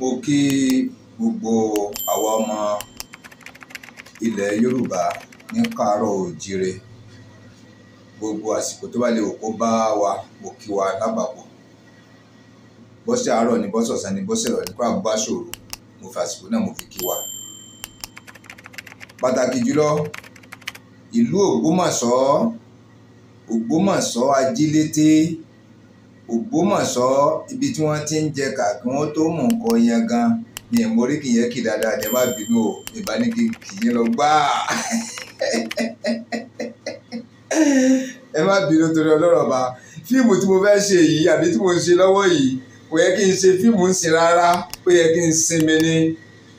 mo kí gbogbo àwa ọmọ ilẹ̀ yorùbá ní káàárọ̀ òjíire gbogbo àsìkò tó bá lè kó bá wa mo kí wa lápapọ̀ bọ́sẹ̀ àárọ̀ ni bọ́sẹ̀ ọ̀sán ni bọ́sẹ̀ ìrọ̀lẹ́ kó àgbá ṣòro mo fi àsìkò náà mo fi kí wa. pàtàkì jùlọ ìlú ògbómọ̀ṣọ́ ògbómọ̀ṣọ́ ajílété Ògbómọ̀ṣọ́ ibi tí wọ́n ti ń jẹ kà kí wọ́n tó mú nǹkan yẹn gan ni ẹ̀mọ́ orí kìí yẹn kì dáadáa ní ẹ má bínú o ìbá ní kí kìí lọ gbáà ẹ má bínú torí ọlọ́rọ̀ ọba fíìmù tí mo fẹ́ ṣe yìí àbí tí mo ń ṣe lọ́wọ́ yìí kò yẹ kí n ṣe fíìmù ń sin rárá ó yẹ kí n sinmi ni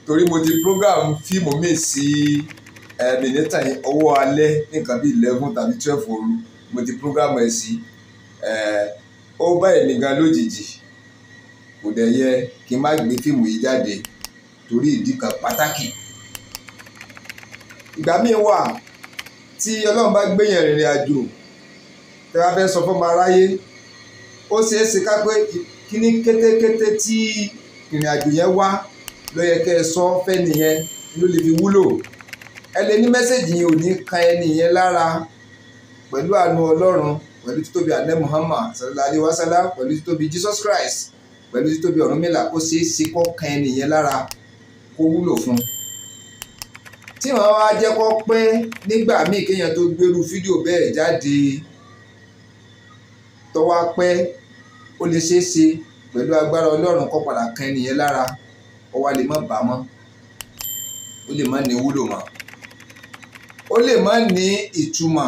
torí mo ti program fíìmù mi sí eh, mìnítà ọwọ́ alẹ́ nǹkan bíi eleven tàbí twelve òru mo ti program ẹ̀ sí. Eh, ó bá èmi gan lójijì kò dẹ̀ yẹ kí n má gbé fíìmù yìí jáde torí ìdí kan pàtàkì ìgbà míì wà tí ọlọ́run bá gbéyàn rìnrìn àjò tẹ́ bá fẹ́ sọ fún ọmọ aráyé ó ṣeé ṣe ká pé kíní kétékété tí ìrìn àjò yẹn wá ló yẹ kẹ́ ẹ sọ fẹ́ nìyẹn ló lè fi wúlò ẹ lè ní mẹ́sẹ̀gì yìí ò ní kan ẹni yẹn lára pẹ̀lú àánú ọlọ́run pẹ̀lú títóbi alẹ́ Muhammad sallallahu alayhi wa sallam pẹ̀lú títóbi Jesus Christ pẹ̀lú títóbi Ọ̀rúnmìlà ó ṣeé ṣe kọ́ kan ẹnìyẹn lára kó wúlò fún un tí wọ́n wá jẹ́ kó pẹ́ nígbà míì kéèyàn tó gbérú fídíò bẹ́ẹ̀ jáde tọ́wá pẹ́ ó lè ṣeé ṣe pẹ̀lú agbára Ọlọ́run kó padà kan ẹnìyẹn lára ó wá lè má bàá mọ́ ó lè má ní wúlò mọ́ ó lè má ní ìtumọ̀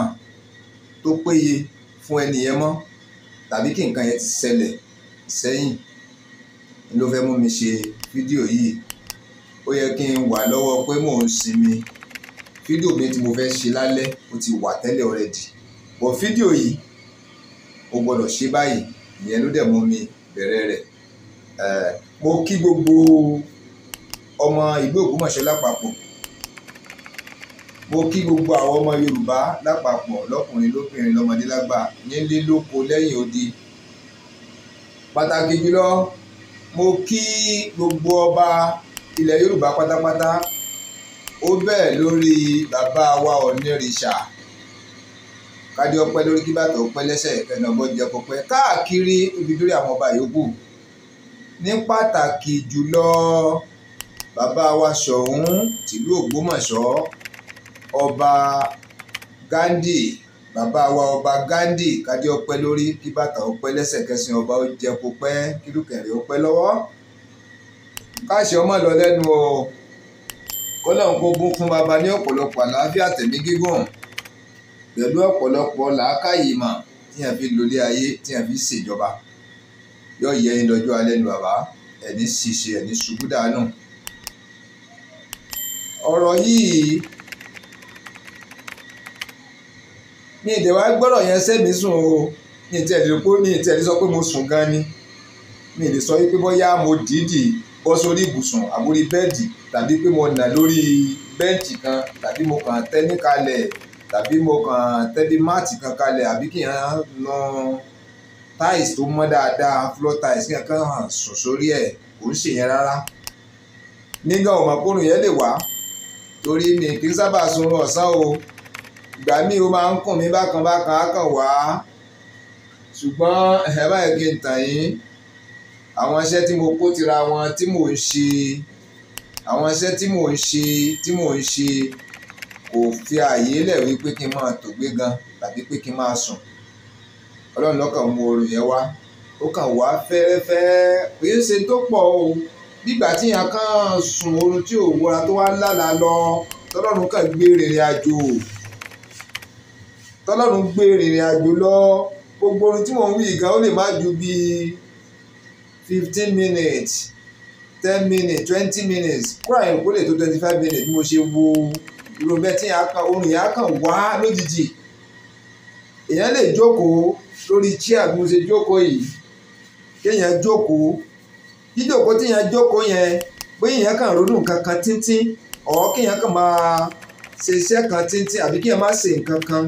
tó péye fún ẹni yẹn mọ́ tàbí kí nǹkan yẹn ti ṣẹlẹ̀ sẹ́yìn ló fẹ́ mú mi ṣe fídíò yìí ó yẹ kí n wà lọ́wọ́ pé mò ń sinmi fídíò mi tí mo fẹ́ ṣe lálẹ́ ó ti wà tẹ́lẹ̀ ọ̀rẹ́dì bọ̀ fídíò yìí ó gbọ́dọ̀ ṣe báyìí ìyẹn ló dẹ̀ mú mi bẹ̀rẹ̀ rẹ̀ mo kí gbogbo ọmọ ìlú Ògbómọ̀ṣọ́ lápapọ̀ mo kí gbogbo àwọn ọmọ yorùbá lápapọ̀ lọ́kùnrin lóbìnrin lọ́mọdé lágbà nílé lóko lẹ́yìn odi pàtàkì jùlọ mo kí gbogbo ọba ilẹ̀ yorùbá pátápátá ó bẹ́ẹ̀ lórí bàbá wa onírìṣà kádé ọpẹ́ lórí kí bàtà ọpẹ́ lẹ́sẹ̀ ẹnàbọ jẹ pọpẹ káàkiri ibi lórí àwọn ọba yòókù ní pàtàkì jùlọ bàbá wa Ṣọ̀ún tìlú Ògbómọ̀ṣọ́ ọba Gandhi bàbá wa ọba Gandhi kádé ọpẹ́ lórí kí bàtà ọpẹ́ lẹ́sẹ̀ kẹsìn ọba ó jẹ kó pẹ́ kírùkẹ̀rẹ̀ ọpẹ́ lọ́wọ́ káàṣì ọmọ lọ lẹ́nu o kọ́lọ́n kó gún fún bàbá ní ọ̀pọ̀lọpọ̀ àlàáfíà tẹ̀mí gígùn pẹ̀lú ọ̀pọ̀lọpọ̀ làákàyè mà tí a fi lólé ayé tí a fi ṣèjọba yóò yẹ yín lọ́jọ́ alẹ́ ní bàbá ẹni ṣìṣe ẹni ṣubú dànù ọ̀rọ̀ yìí mi ì dẹ̀wá gbọ́dọ̀ yẹn sẹ́mi sùn o mi ì tẹ̀lé pé mi ì tẹ̀lé sọ pé mo sùn gan ni mi ì lè sọ pé bóyá mo dìídì bọ́ sórí ibùsùn àbórí bẹ́ẹ̀dì tàbí pé mo nà lórí bẹ́ǹchì kan tàbí mo kàn tẹ́ ní kalẹ̀ tàbí mo kàn tẹ́ bí máàtì kan kalẹ̀ àbí kì í hàn nà táìsì tó mọ́ dáadáa floor táìsì kí n kàn hàn sùn sórí ẹ̀ kò ń ṣèyẹn rárá nígbà òmàkùnrin yẹn lè wá torí mi kì í sábà sun ọ̀sán o ìgbà míì ó máa ń kùn mí bákan bákan á kàn wá ṣùgbọ́n ẹ báyìí kí n tàn yín àwọn iṣẹ́ tí mo kó tira wọn tí mò ń ṣe àwọn iṣẹ́ tí mò ń ṣe tí mò ń ṣe kò fi ààyè lẹ̀ wípé kí n máa tògbé gan tàbí pé kí n máa sùn ọlọ́run lọ́kàn mú orin yẹn wá ó kàn wá fẹ́ẹ́rẹ́fẹ́ kò yẹ ṣe tó pọ̀ o nígbà tí yàn kàn sùn oorun tí ò wọra tó wá ń lálàá lọ tọ́lọ́run kàn gbé rìnrìn àjò tọ́lọ́run gbé rìnrìn àjò lọ gbogbo ohun tí mò ń wí gan ó lè má ju bíi fifteen minutes ten minutes twenty minutes kúrò àyẹ̀wò kó lè tó twenty five minutes bí mo ṣe wo ìròbẹ́ tí orin yà á kàn wá lójijì èèyàn lè jókòó lórí chair bí mo ṣe jókòó yìí kéèyàn jókòó jíjókòó téèyàn jókòó yẹn pé èèyàn kàn ronú nǹkan tíntín ọ̀ kéèyàn kàn máa ṣe iṣẹ́ kan tíntín àbí kéèyàn má ṣe nǹkan kan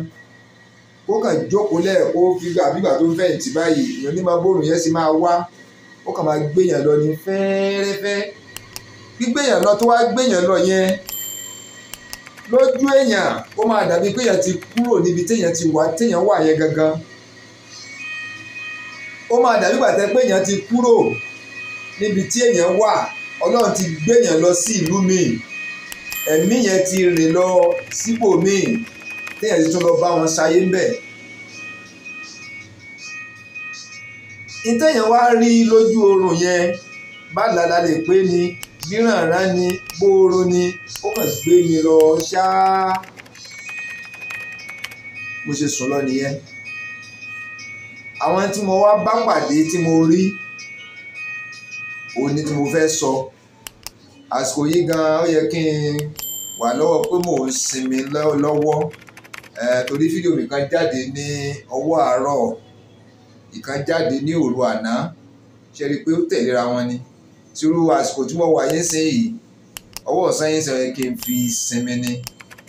kó kàn jókòó lẹ́ẹ̀kọ́ fígbà fígbà tó ń fẹ̀yìntì báyìí èèyàn ní máa bóòrùn yẹn sì máa wá ó kàn máa gbéyàn lọ ní fẹ́ẹ́rẹ́fẹ́ gbígbéyàn lọ tó wá gbéyàn lọ yẹn lójú èèyàn ó máa dàbí pé ti kúrò níbi téèyàn ti wà téèyàn wà yẹn gangan ó máa dàbí gbàtẹ́ pé ti kúrò níbi tí èèyàn wà ọlọ́run ti gbéyàn lọ sí ìlú míì ẹ̀mí yẹn ti rìn lọ síbòmíì. Si téèyàn ti tún lọ bá wọn ṣayé ń bẹ̀. ìtẹ̀yàn wá rí lójú oorun yẹn bá làlá lè pé ni bírànràn ni gbòòrò ni ó kàn gbé mi lọ ṣáá mo ṣe sùn lọ nìyẹn àwọn tí mo wá bá pàdé tí mo rí òní tí mo fẹ́ sọ àsìkò yìí gan-an ó yẹ kí n wà lọ́wọ́ pé mò ń sinmi lọ́wọ́. Lo, lo, torí fídíò mi kan jáde ní ọwọ́ àárọ̀ ìkan jáde ní òru àná ṣe rí i pé ó tẹ̀léra wọn ni tírú àsìkò tí mo wà yín sí yìí ọwọ́ ọ̀sán yín sọ yẹ kí n fi sinmi ni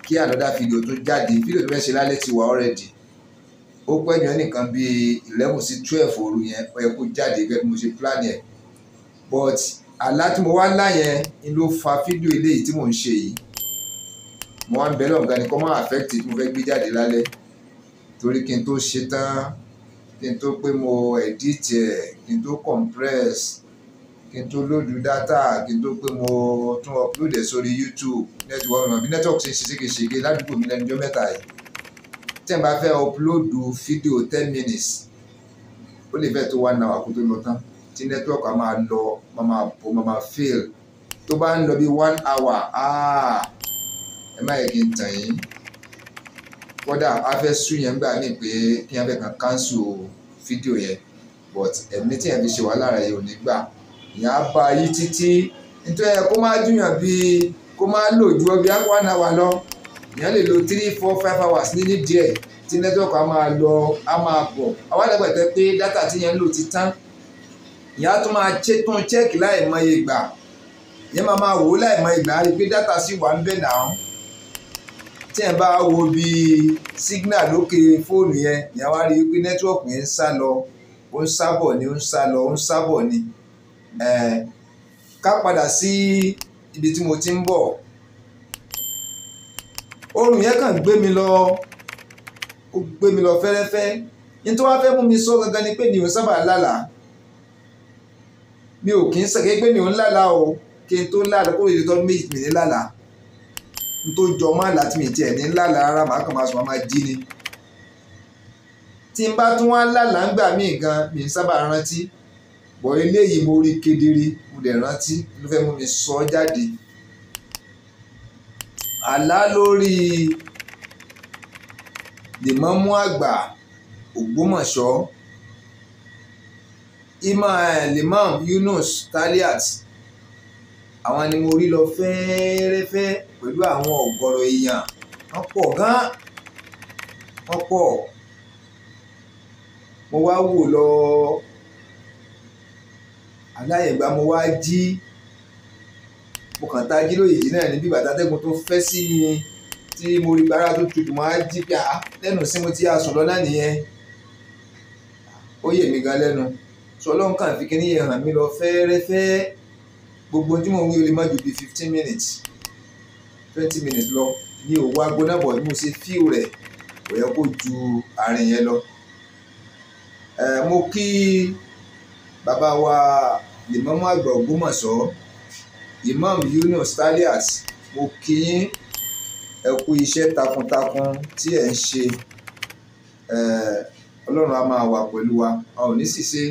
kí ànádá fídíò tó jáde fídíò tó fẹ́ ṣe lálẹ́ ti wà ọ́rẹ́dì ó pẹ́ yẹn nìkan bíi eleven sí twelve òru yẹn ó yẹ kó jáde gẹ́gẹ́ bí mo ṣe plan yẹn but àlá tí mo wá lá yẹn ló fa fídíò eléyìí tí mò ń ṣe yìí mo wá ń bẹ lọ́nà ganin kọ́ máa affect tí mo fẹ́ gbé jáde lálẹ́ torí kí n tó ṣe tán kí n tó pé mo edit ẹ̀ kí n tó compress kí n tó lóòdù dátà kí n tó pé mo tún upload ẹ̀ sórí YouTube network mi àbí network ṣe ń ṣe ṣégeṣége ládùúgbò mi lẹ́nu ọjọ́ mẹ́ta yìí tí n bá fẹ́ upload fídíò ten minutes ó lè fẹ́ tó one hour kó tó lọ tán tí network a máa lọ máa bò máa fail tó bá ń lọ bí one hour Ah, má yẹ kí n tàn yín kódà a fẹ́ sú yẹn gbà mí pé kí yẹn fẹ́ kan káńsù fídíò yẹn but ẹ̀mí tí yẹn fi ṣe wàhálà rẹ̀ yóò ní gbà ìyẹn á bá yí títí nítorí ẹ kó má júyàn bíi kó má lò ju ọbẹ̀ akọ́ wa lọ ìyẹn lè lo three four five hours níní díẹ̀ tí nẹ́tíwọ̀kì a máa lọ a máa pọ̀ àwọn àdàgbàgbẹ́ pé dátà tí yẹn ń lò ti tán ìyẹn á tún máa tún chẹ́ẹ̀kì láì mọye ìgbà ìyẹn máa máa wò ó láì mọ ìgbà rí pé dátà sì wà ń bẹ̀ náà tí ẹ̀ bá wo bí signal lókè fóònù yẹn ni a wá rí i pé nẹ́tíwọ̀kì yẹn ń sá lọ ó ń sábọ̀ ni ó ń sá lọ ó ń sábọ̀ ni ká padà sí ibi tí mo ti ń bọ̀ oorun yẹn kàn gbé mi lọ gbé mi lọ fẹ́rẹ́fẹ́ nítorí wá fẹ́ mú mi sọ gangan ni pé mi ò sábà lálàá mi ò kì í sàkéyé pé mi ò ń lálàá o kí n tó lálàá kó lè tọ́ méjì mi ní lálàá tó jọ mọ́ àlá tí mi tiẹ̀ ní ńlá lára màá kàn máa sùn máa jí ni tí n bá tún wá lálàá ń gbà mí gan mi ń sábà rántí bọ̀ eléyìí mo rí kedere mo dẹ̀ rántí ló fẹ́ mú mi sọ jáde àlá lórí lèmọ́mú àgbà Ògbómọ̀ṣọ́ imam limam Yunus Taliat àwọn ni mo rí lọ fẹ́ẹ́rẹ́fẹ́ pẹ̀lú àwọn ọ̀gọ̀rọ̀ èèyàn wọ́n pọ̀ gan-an wọ́n pọ̀ mo wá wò lọ aláyẹ̀gbá mo wá jí mo kàn tá jí lóyìí náà níbi bàtà tẹ́gun tó fẹ́ sí mi tí mo rí bàrà tó tutù mo á jí pé à ah, lẹ́nu sí mo ti àsùn lọ náà nìyẹn ó yè mí gan lẹ́nu sọ ọlọ́run kàn fi kíní yẹn hàn mí lọ fẹ́ẹ́rẹ́fẹ́ gbogbo ohun wí ó má ju bíi fifteen minutes twenty minutes lọ ní òwò agbónábọ̀ ni mo ṣe fíù rẹ̀ kò yẹ kó ju àárín yẹn lọ. mo kí bàbá wa ìmáàmù àgbà Ògbómọ̀ṣọ́ Imam Yunus Taliat mo kí yín ẹ kú iṣẹ́ takuntakun tí ẹ̀ ń ṣe ọlọ́run á máa wà pẹ̀lú wa a ò ní sì ṣe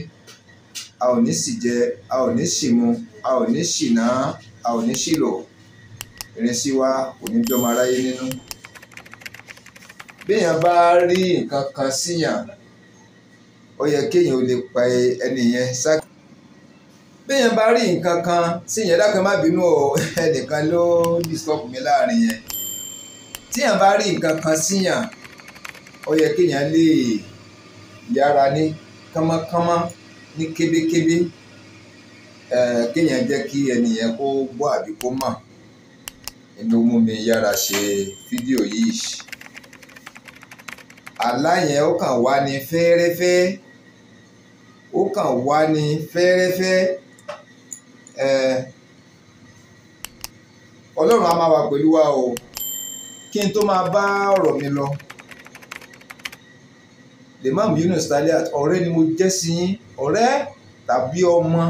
a ò ní sì jẹ a ò ní sì mu a ò ní sì ná a ò ní sì lò ìrìnsí wa kò ní bí ọmọ aráyé nínú béèyàn bá rí nǹkan kan síyàn ó yẹ kéèyàn ó lè pa ẹni yẹn sákì béèyàn bá rí nǹkan kan síyàn dákan má bínú ọ ẹnìkan ló disturb mi láàrin yẹn tíyàn bá rí nǹkan kan síyàn ó yẹ kéèyàn lè yára ní kánmọ́kánmọ́ ní kébékébé kéèyàn jẹ́ kí ẹnìyẹn kó gbọ́ àbí kó mọ̀ ló mú mi yára ṣe fídíò yìí àlá yẹn ó kàn wá ní fẹ́ẹ́rẹ́fẹ́ ó kàn wá ní fẹ́ẹ́rẹ́fẹ́ ọlọ́run á máa wà pẹ̀lú wa o kí n tó máa bá ọ̀rọ̀ mi lọ Imam Yunus Taliat ọ̀rẹ́ ni mo jẹ́ sí yín ọ̀rẹ́ tàbí ọmọ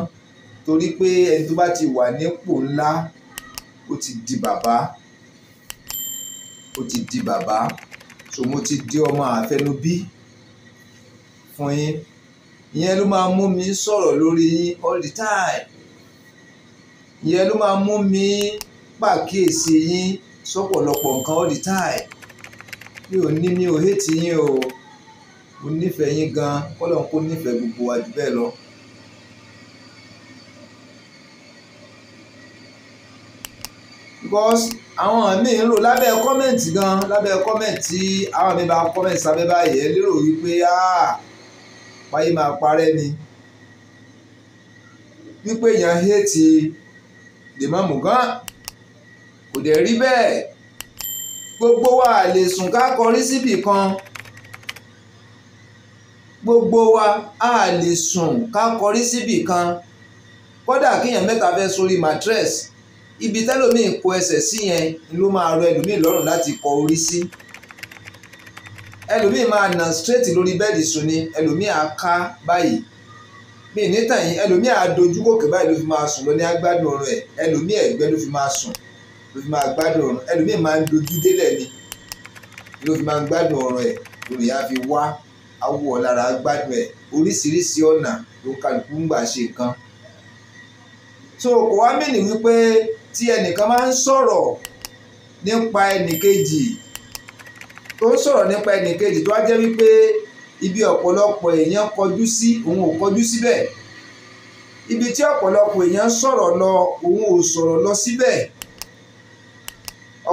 torí pé ẹni tó bá ti wà nípò ńlá ó ti di bàbá ó ti di bàbá so mo ti di ọmọ àfẹnubí fún yín ìyẹn ló máa mú mi sọ̀rọ̀ lórí yín all the time ìyẹn ló máa mú mi pàkíyèsí yín sọ́pọ̀lọpọ̀ nǹkan all the time mi ò ní mi ò hẹ́tì yín o mo nífẹ̀ẹ́ yín gan-an kọ́lọ́n kó nífẹ̀ẹ́ gbogbo wa jù lọ. because àwọn míì ń lò lábẹ́ kọ́mẹ̀ntì gan lábẹ́ kọ́mẹ̀ntì àwọn mi bá kọ́mẹ̀ntì sábẹ́ báyìí ẹ lérò wípé wáyé ah, máa parẹ́ ni wípé èèyàn hétí lèmọ́mù gan kò dẹ̀ rí bẹ́ẹ̀ gbogbo wa lè sùn ká kọrí síbì kan gbogbo wa a lè sùn ká kọrí síbì kan kódà kíyàn mẹ́ta fẹ́ sórí mattress ibi tẹ́lòmíì kó ẹsẹ̀ sí yẹn ló máa rọ ẹlòmíì lọ́rùn láti kọ orí sí ẹlòmíì máa nà straight lórí bẹ́ẹ̀dì sùn ni ẹlòmíì á ká báyìí mi nítàn yìí ẹlòmíì á dojú gòkè báyìí ló fi máa sùn lọ ní agbádùn ọrùn ẹ ẹlòmíì ẹ̀gbẹ́ ló fi máa sùn ló fi máa gbádùn ọrùn ẹlòmíì máa ń dojú délẹ̀ ni ló fi máa ń gbádùn ọrùn ẹ lórí yà fi wá awọ lára gbádùn ẹ oríṣiríṣi ọ̀nà ló kálukú ń gbà ṣe kan so kò wá mí nì wípé tí ẹnìkan máa ń sọ̀rọ̀ nípa ẹnìkejì tó ń sọ̀rọ̀ nípa ẹnìkejì tó wá jẹ́ wípé ibi ọ̀pọ̀lọpọ̀ èèyàn kọjú sí òun ò kọjú síbẹ̀ ibi tí ọ̀pọ̀lọpọ̀ èèyàn sọ̀rọ̀ lọ òun ò sọ̀rọ̀ lọ síbẹ̀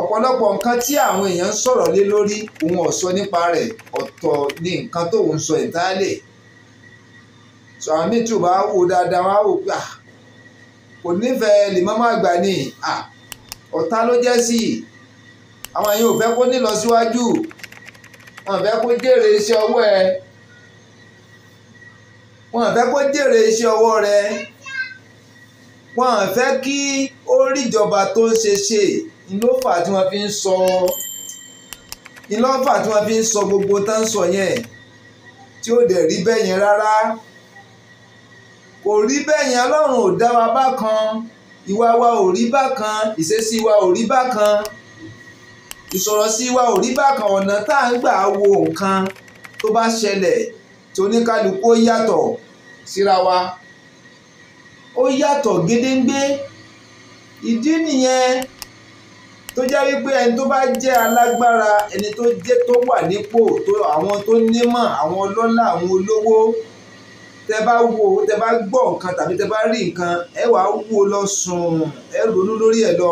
ọ̀pọ̀lọpọ̀ nǹkan tí àwọn èèyàn ń sọ̀rọ̀ lé lórí òun ò sọ nípa rẹ̀ ọ̀tọ̀ ni nǹkan tó sọ ìtálẹ̀ sọ àwọn tí ò bá wò dáadáa wọn wò pé ah, kò nífẹ̀ẹ́ lèmọ́mọ́ àgbà ni ọ̀tá ló jẹ́ sí i àwọn yìí ò fẹ́ kó nílọ síwájú wọn fẹ́ kó jèrè iṣẹ́ ọwọ́ ẹ wọn fẹ́ kó jèrè iṣẹ́ ọwọ́ rẹ wọn fẹ́ kí ó ríjọba tó ń ṣe ṣe ìlọ́fà tí wọ́n fi ń sọ ìlọ́fà tí wọ́n fi ń sọ gbogbo tá ń sọ yẹn tí ó dẹ̀ rí bẹ́ẹ̀ yẹn rárá kò rí bẹ́ẹ̀ yẹn ọlọ́run ò dá wa bákan ìwà wa ò rí bákan ìṣesí wa ò rí bákan ìsọ̀rọ̀ sí wa ò rí bákan ọ̀nà tá à ń gbà wo nǹkan tó bá ṣẹlẹ̀ tí oníkálukú ó yàtọ̀ síra wa ó yàtọ̀ gédéńgbé ìdí nìyẹn tó jẹ́ wípé ẹni tó bá jẹ́ alágbára ẹni tó jẹ́ tó wà nípò tó àwọn tó nímọ̀ àwọn ọlọ́lá àwọn olówó tẹ bá wo tẹ bá gbọ́ nǹkan tàbí tẹ bá rí nǹkan ẹ wàá wo lọ sùn ẹ ronú lórí ẹ lọ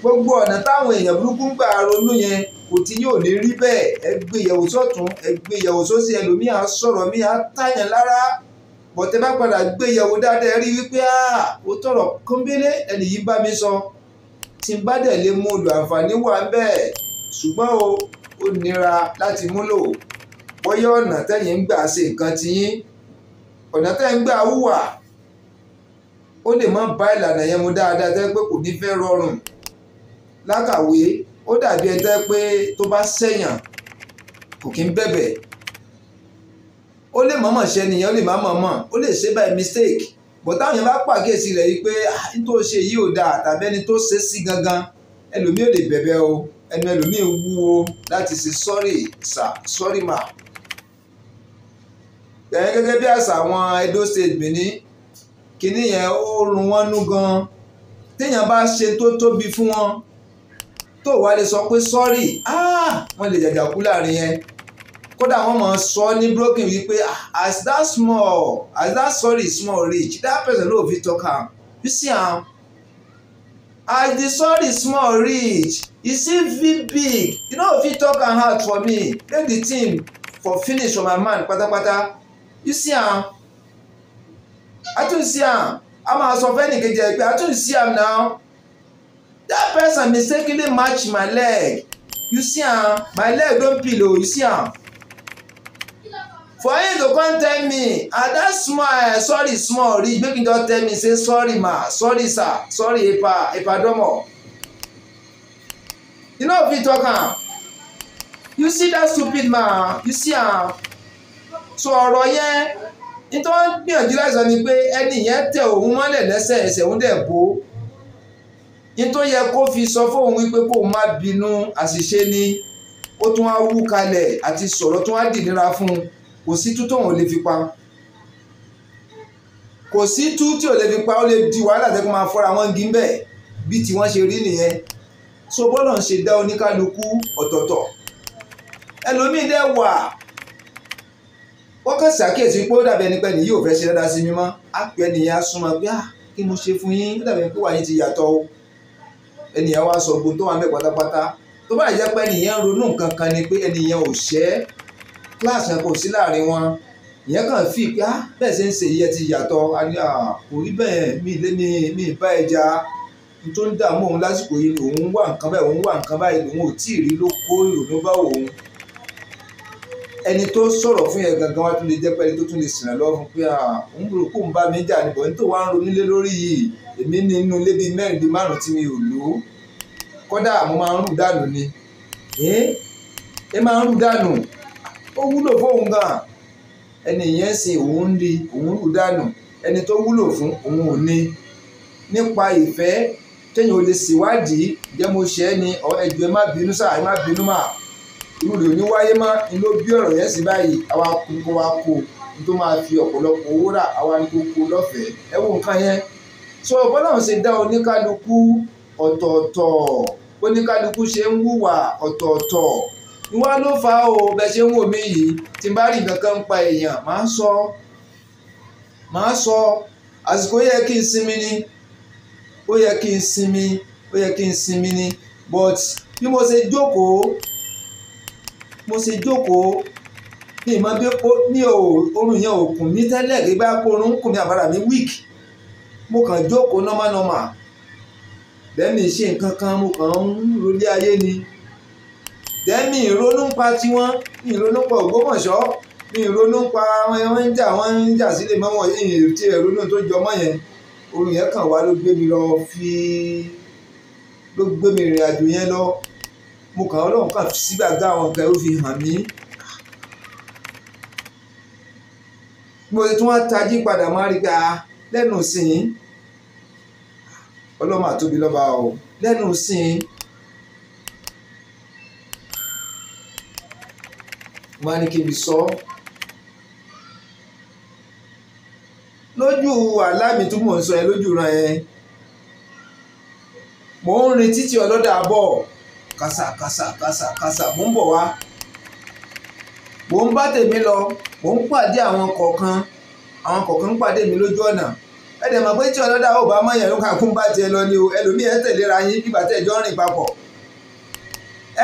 gbogbo ọ̀nà táwọn èèyàn burúkú ń gbà ronú yẹn kò tí yóò ní rí bẹ́ẹ̀ ẹ gbé ìyẹ̀wò sọ́tún ẹ gbé ìyẹ̀wò sósì ẹlòmíà sọ̀rọ̀ míà táyàn lára bọ̀tẹ́ bá padà gbé ìyẹ̀wò dáadáa rí wípé ó tọ̀rọ̀ kọ́ńbélé ẹnì yìí bá mi sọ tí n bá dẹ̀ lè mú lò àǹfààní wà bẹ́ẹ̀ ṣùgbọ́n o ó nira láti múlò bọ́yá ọ̀nà tẹ̀yìn ń gbà ṣe nǹkan tiyín ọ̀nà tẹ́ ń gbà hùwà ó lè má bá ìlànà yẹn mu dáadáa tẹ́ pé kò ní fẹ́ rọrùn lákàwé ó dàbí ẹ tẹ́ pé tó bá sẹ̀yàn kò kí ń bẹ̀bẹ̀ ó lè mọ̀mọ̀ ṣe nìyẹn ó lè má mọ̀mọ̀ ó lè ṣe by mistake bọ̀ táwọn yẹn bá pàkíyèsí rẹ̀ yìí pé ah, nítorí ṣe yìí ò dáa tàbí ẹni tó ṣe sí gangan ẹlòmíì ò lè bẹ̀bẹ̀ o ẹnu ẹlòmíì wúwo láti ṣe sorry sir sorry ma ẹ̀yìn gẹ́gẹ́ bí àṣà àwọn Edo State Benin kínní yẹn ó run wọ́n nú gan téèyàn bá ṣe tó tóbi fún wọn tó wá lè sọ pé sọ́ọ̀rì ah, wọ́n lè jàjàkú láàrin yẹn kódà wọ́n mọ̀ sọ ní broken wípé as ah, that small as that sorry small reach that person no fit talk am you see am as ah, the sorry small reach e still fit big you no know, fit talk am hard for me make the thing for finish for my man pátápátá isi am i too see am a máa sọ fẹ́ nìkejì ẹ̀ pé i too see am now that person mistakenly match my leg you see am my leg don peel o oh. you see am for him to come tell me ah that small eh sorry small reach make him just tell me say sorry ma sorry sir sorry epa epadomo you no fit talk am you see that stupid man you see am sọ ọ̀rọ̀ yẹn nítorí wọ́n gbìyànjú láti sọ ni pé ẹni yẹn tẹ òun mọ́lẹ̀ lẹ́sẹ̀ ẹsẹ̀ òun dẹ̀ bò ó nítorí yẹ kó fi sọ fóun wípé kó má bínú àṣìṣe ni ó tún wá wú kalẹ̀ àti sọ̀rọ̀ tún wá dìnira fún un kò sí tú tóun ò lè fi pa kò sí tú tí ò lè fi pa ó lè di wàhálà tẹ́kọ̀ máa fọ́ra wọn gí bẹ́ẹ̀ bí tí wọ́n ṣe rí nìyẹn so bọ́lọ̀ ń ṣe dá oníkálukú ọ̀tọ̀ọ̀tọ̀ ẹlòmíì dẹ́ wà wọ́n kàn ṣàkíyèsí pé ó dàbẹ̀ nípa ẹni yóò fẹ́ ṣe dáadáa sí mi mọ́ á pẹ́ nìyẹn á súnmọ́ pé à ah, kí mo ṣe fún yín ó dàbẹ̀ pé wàá yín ti yàtọ̀ o ẹnìyẹn wá sọ ogun tó wà mẹ́ pátápátá tó bá jẹ́ pé ẹnìyẹn ronú nǹkan kan ni pé ẹnìyẹn ò ṣẹ́ kíláàsì kan kò sí láàrin wọn ìyẹn kàn fi pé á ah, bẹ́ẹ̀ ṣe ń ṣe yẹ ti yàtọ̀ ah, kò rí bẹ́ẹ̀ mi lé mi mi bá ẹja tó ń dààmú òun lásìkò yìí òun wà nǹkan báyìí òun wà nǹkan báyìí òun ò tíì rí ló kó ìrònú bá òun ẹni tó sọ̀rọ̀ fún yẹn gangan wá tún lè jẹ́ pé ẹni tó tún lè sìnà lọ́wọ́ fún pé òun rò kó ń bá mi jà níbọ̀ nítorí wàá ń ronílé lórí yìí èmi ní inú ilé bíi mẹ́rin bíi márùn tí mi ò lò ó kódà mo máa ń rù dànù ni ẹ máa ń rù dànù ó wúlò fóun gan ẹni yẹn sìn òun ń rí òun rù dànù ẹni tó wúlò fún òun ò ní nípa ìfẹ́ téèyàn ò lè ṣèwádìí jẹ́ mo ṣe é ni ẹ̀jọ̀ má bínú sáà ẹ má bínú máa. irú rẹ̀ ní wáyé má ni bí ọ̀rọ̀ yẹn báyìí àwa tó máa fi ọ̀pọ̀lọpọ̀ owó rà àwa lọ́fẹ̀ẹ́ ẹ wo nǹkan yẹn so bọ́láwọn ṣe dá oníkálukú ọ̀tọ̀ọ̀tọ̀ oníkálukú ṣe ń ọ̀tọ̀ọ̀tọ̀ o bẹ ṣe ń wò mí yìí pa èèyàn sọ sọ àsìkò yẹ kí n sinmi ni ó yẹ kí n sinmi but bí mo ṣe mo ṣe jókòó ní ìmọ̀ bí ní oorun yẹn ò kùn mí tẹ́lẹ̀ kí bá oorun ń kùn mí àbára mi weak mo kàn jókòó normal normal dẹ́mi ṣe nǹkan kan mo kàn ń rolé ayé ni dẹ́mi ìrònú ń pa tiwọn ìrònú pa Ògbómọ̀ṣọ́ ìrònú ń pa àwọn ẹran ń jà wọ́n ń jà sílé mọ́ wọn ìrìn tí ìrònú tó jọmọ́ yẹn oorun yẹn kàn wá ló gbé mi lọ fi ló gbé mi rìn àjò yẹn lọ mo kàn ọlọ́run kà sí gbàgbá àwọn nǹkan ó fi hàn mí. mo ti tún wá tají padà máa rí gbà lẹ́nu sìn ọlọ́run àtóbi lọ́ba o lẹ́nu sìn. máa ní kí n sọ ọ́ lójú àlámì tí mò ń sọ yẹn lójú ran yẹn mò ń retí tí ọlọ́dà bọ̀ kásà kásà kásà kásà mò ń bọ̀ wá mò ń bá tèmi lọ mò ń pàdé àwọn kọ̀ọ̀kan àwọn kọ̀ọ̀kan ń pàdé mi lójú ọ̀nà ẹ dẹ̀ mọ̀ pé tí ọlọ́dà ò bá mọ̀ yẹn ló kàn kún bá tiẹ̀ lọ ni o ẹlòmíì ẹ tẹ̀léra yín bí bàtẹ́ ìjọ rìn papọ̀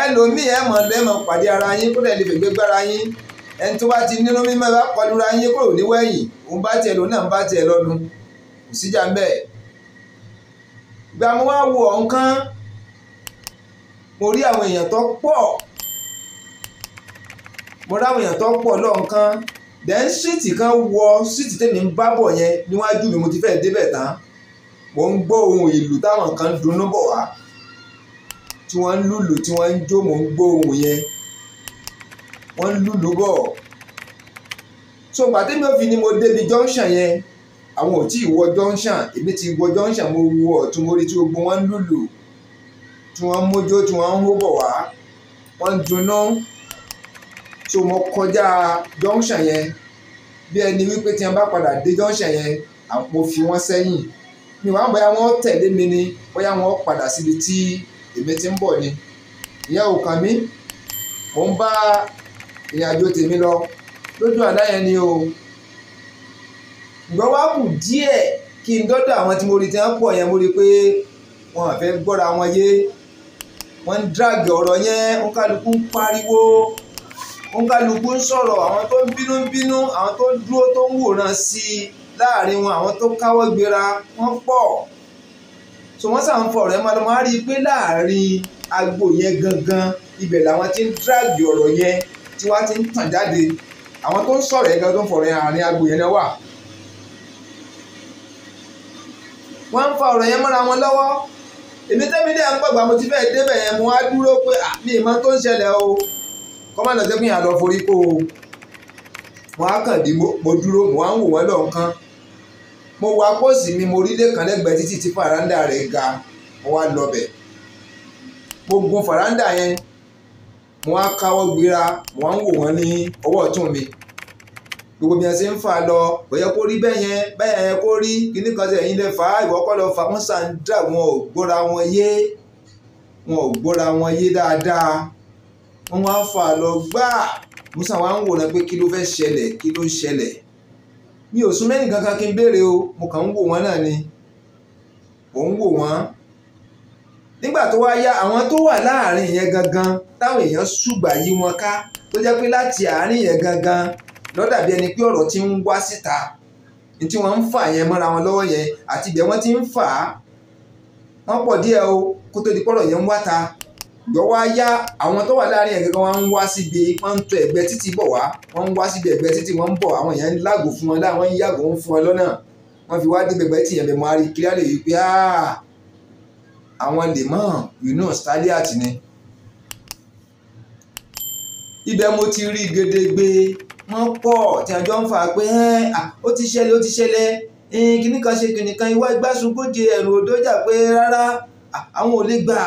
ẹlòmíì ẹ mọ̀ lẹ́mọ̀ pàdé ara yín kó lè lè fègbè gbára yín ẹni tó bá ti nínú mímọ́ ẹ bá kọlura yín kúrò níwẹ̀yìn òun bá tiẹ̀ lọ náà ń bá tiẹ̀ lọ́nu kò síjà ń bẹ́ẹ̀ gbàmúwá wo ọ̀hún mo rí àwọn èèyàn tó pọ̀ mo rí àwọn èèyàn tó pọ̀ lọ́nkán then síìtì kan wọ síìtì tèmi ń bá bọ̀ yẹn níwájú mi mo ti fẹ́ débẹ̀ tán mo ń gbọ́ ohun ìlú táwọn kan dunnú bọ̀ wá tí wọ́n ń lùlù tí wọ́n ń jó mo ń gbọ́ ohun yẹn wọ́n ń lùlù bọ̀ so gbàtẹ́mi ò fi ni mo débi junction yẹn àwọn ò tí ì wọ junction èmi ti wọ junction mo wọ ọ̀tún mo tí gbogbo wọn ń lùlù tí wọ́n ń mójó tí wọ́n ń hó bọ̀ wá wọ́n ń dunná so mo kọjá junction yẹn bí ẹni wípé tí wọ́n bá padà dé junction yẹn àpò fi wọ́n sẹ́yìn mi wàá bóyá wọ́n tẹ̀lé mi ni bóyá wọ́n padà síbi tí èmi ti ń bọ̀ ni ìyá ò kàn mí mò ń bá ìrìnàjò tèmi lọ lójú àdá yẹn ni o ìgbọ́n wá kù díẹ̀ kí n dọ́dọ̀ àwọn tí mo rí tí wọ́n pọ̀ yẹn mo rí pé wọn àfẹ́ gbọ́ra wọn yé wọ́n ń dragi ọ̀rọ̀ yẹn òǹkàlùkù ń pariwo òǹkàlùkù ń sọ̀rọ̀ àwọn tó ń bínú ń bínú àwọn tó ń dúró tó ń wòran sí i láàrin wọn àwọn tó káwọ́ gbéra wọ́n pọ̀ so wọ́n sàn fọ̀ rẹ́ mọ́lọ́mọ́ á rí i pé láàrin agbo yẹn gangan ibẹ̀ làwọn ti ń dragi ọ̀rọ̀ yẹn tí wọ́n ti ń tàn jáde àwọn tó ń sọ̀rọ̀ yẹn gan fọ̀rọ̀ yẹn àárín agbo yẹn wà wọ́n ń fa èmi tẹ́mi ní ń mo ti fẹ́ débẹ̀ yẹn mo wá dúró pé mi ìmọ̀ tó ń ṣẹlẹ̀ o kọ́ má lọ sí forí kó o mo á kàn dí dúró mo á ń wò wọ́n lọ́ọ̀kan mo wá póòsì mi lọ́bẹ̀ mo yẹn mo á káwọ́ gbéra mo ní ọwọ́ ọ̀tún gbogbo bí wọn ṣe ń fà lọ bóyá kó rí bẹ́ẹ̀ yẹn bẹ́ẹ̀ yẹn kó rí kíní kan sí ẹ̀yìn lè fà á ìwọ́kọ́ lọ fà wọ́n sàn dà wọn ò gbóra wọn yé wọn ò gbóra wọn yé dáadáa wọn wá fà lọ gbáà musa wa ń wòran pé kí ló fẹ́ ṣẹlẹ̀ kí ló ń ṣẹlẹ̀ mi ò sún mẹ́rin kankan kí n béèrè o mo kàn ń wò wọ́n náà ni mò ń wò wọ́n nígbà tó wá yá àwọn tó wà láàrin yẹn gangan táwọn èèyàn ṣùgbà yí wọn ká tó jẹ́ pé láti àárín yẹn gangan lọ́dà bí ẹni pé ọ̀rọ̀ ti ń wá síta ní tí wọ́n ń fà yẹn mọ́ra wọn lọ́wọ́ yẹn àti ibẹ̀ wọ́n ti ń fà á wọ́n pọ̀ díẹ̀ o kó tó di pọ̀rọ̀ yẹn ń wá ta gbọ́wọ́ á yá àwọn tó wà láàrin ẹ̀ gẹ́gẹ́ wọ́n ń wá síbi wọ́n ń tọ ẹ̀gbẹ́ títì bọ̀ wá wọ́n ń wá síbi ẹ̀gbẹ́ títì wọ́n ń bọ̀ àwọn èèyàn ń lágò fún wọn láwọn ń yàgò ń fún wọn lọ́nà wọ́n fi wá dé gbẹgbẹ́ tìyẹn bẹ̀ máa rí kíláàlẹ̀ yìí pé àwọn lè mọ̀ Yunus Taliat ni ibẹ̀ mo ti rí gedegbe wọ́n pọ̀ tí àjọ ń fà pé ó ti ṣẹlẹ̀ ó ti ṣẹlẹ̀ kíní kan ṣe kíní kan ìwà ìgbàsókòjì ẹ̀rù òdójà pé rárá àwọn ò lè gbà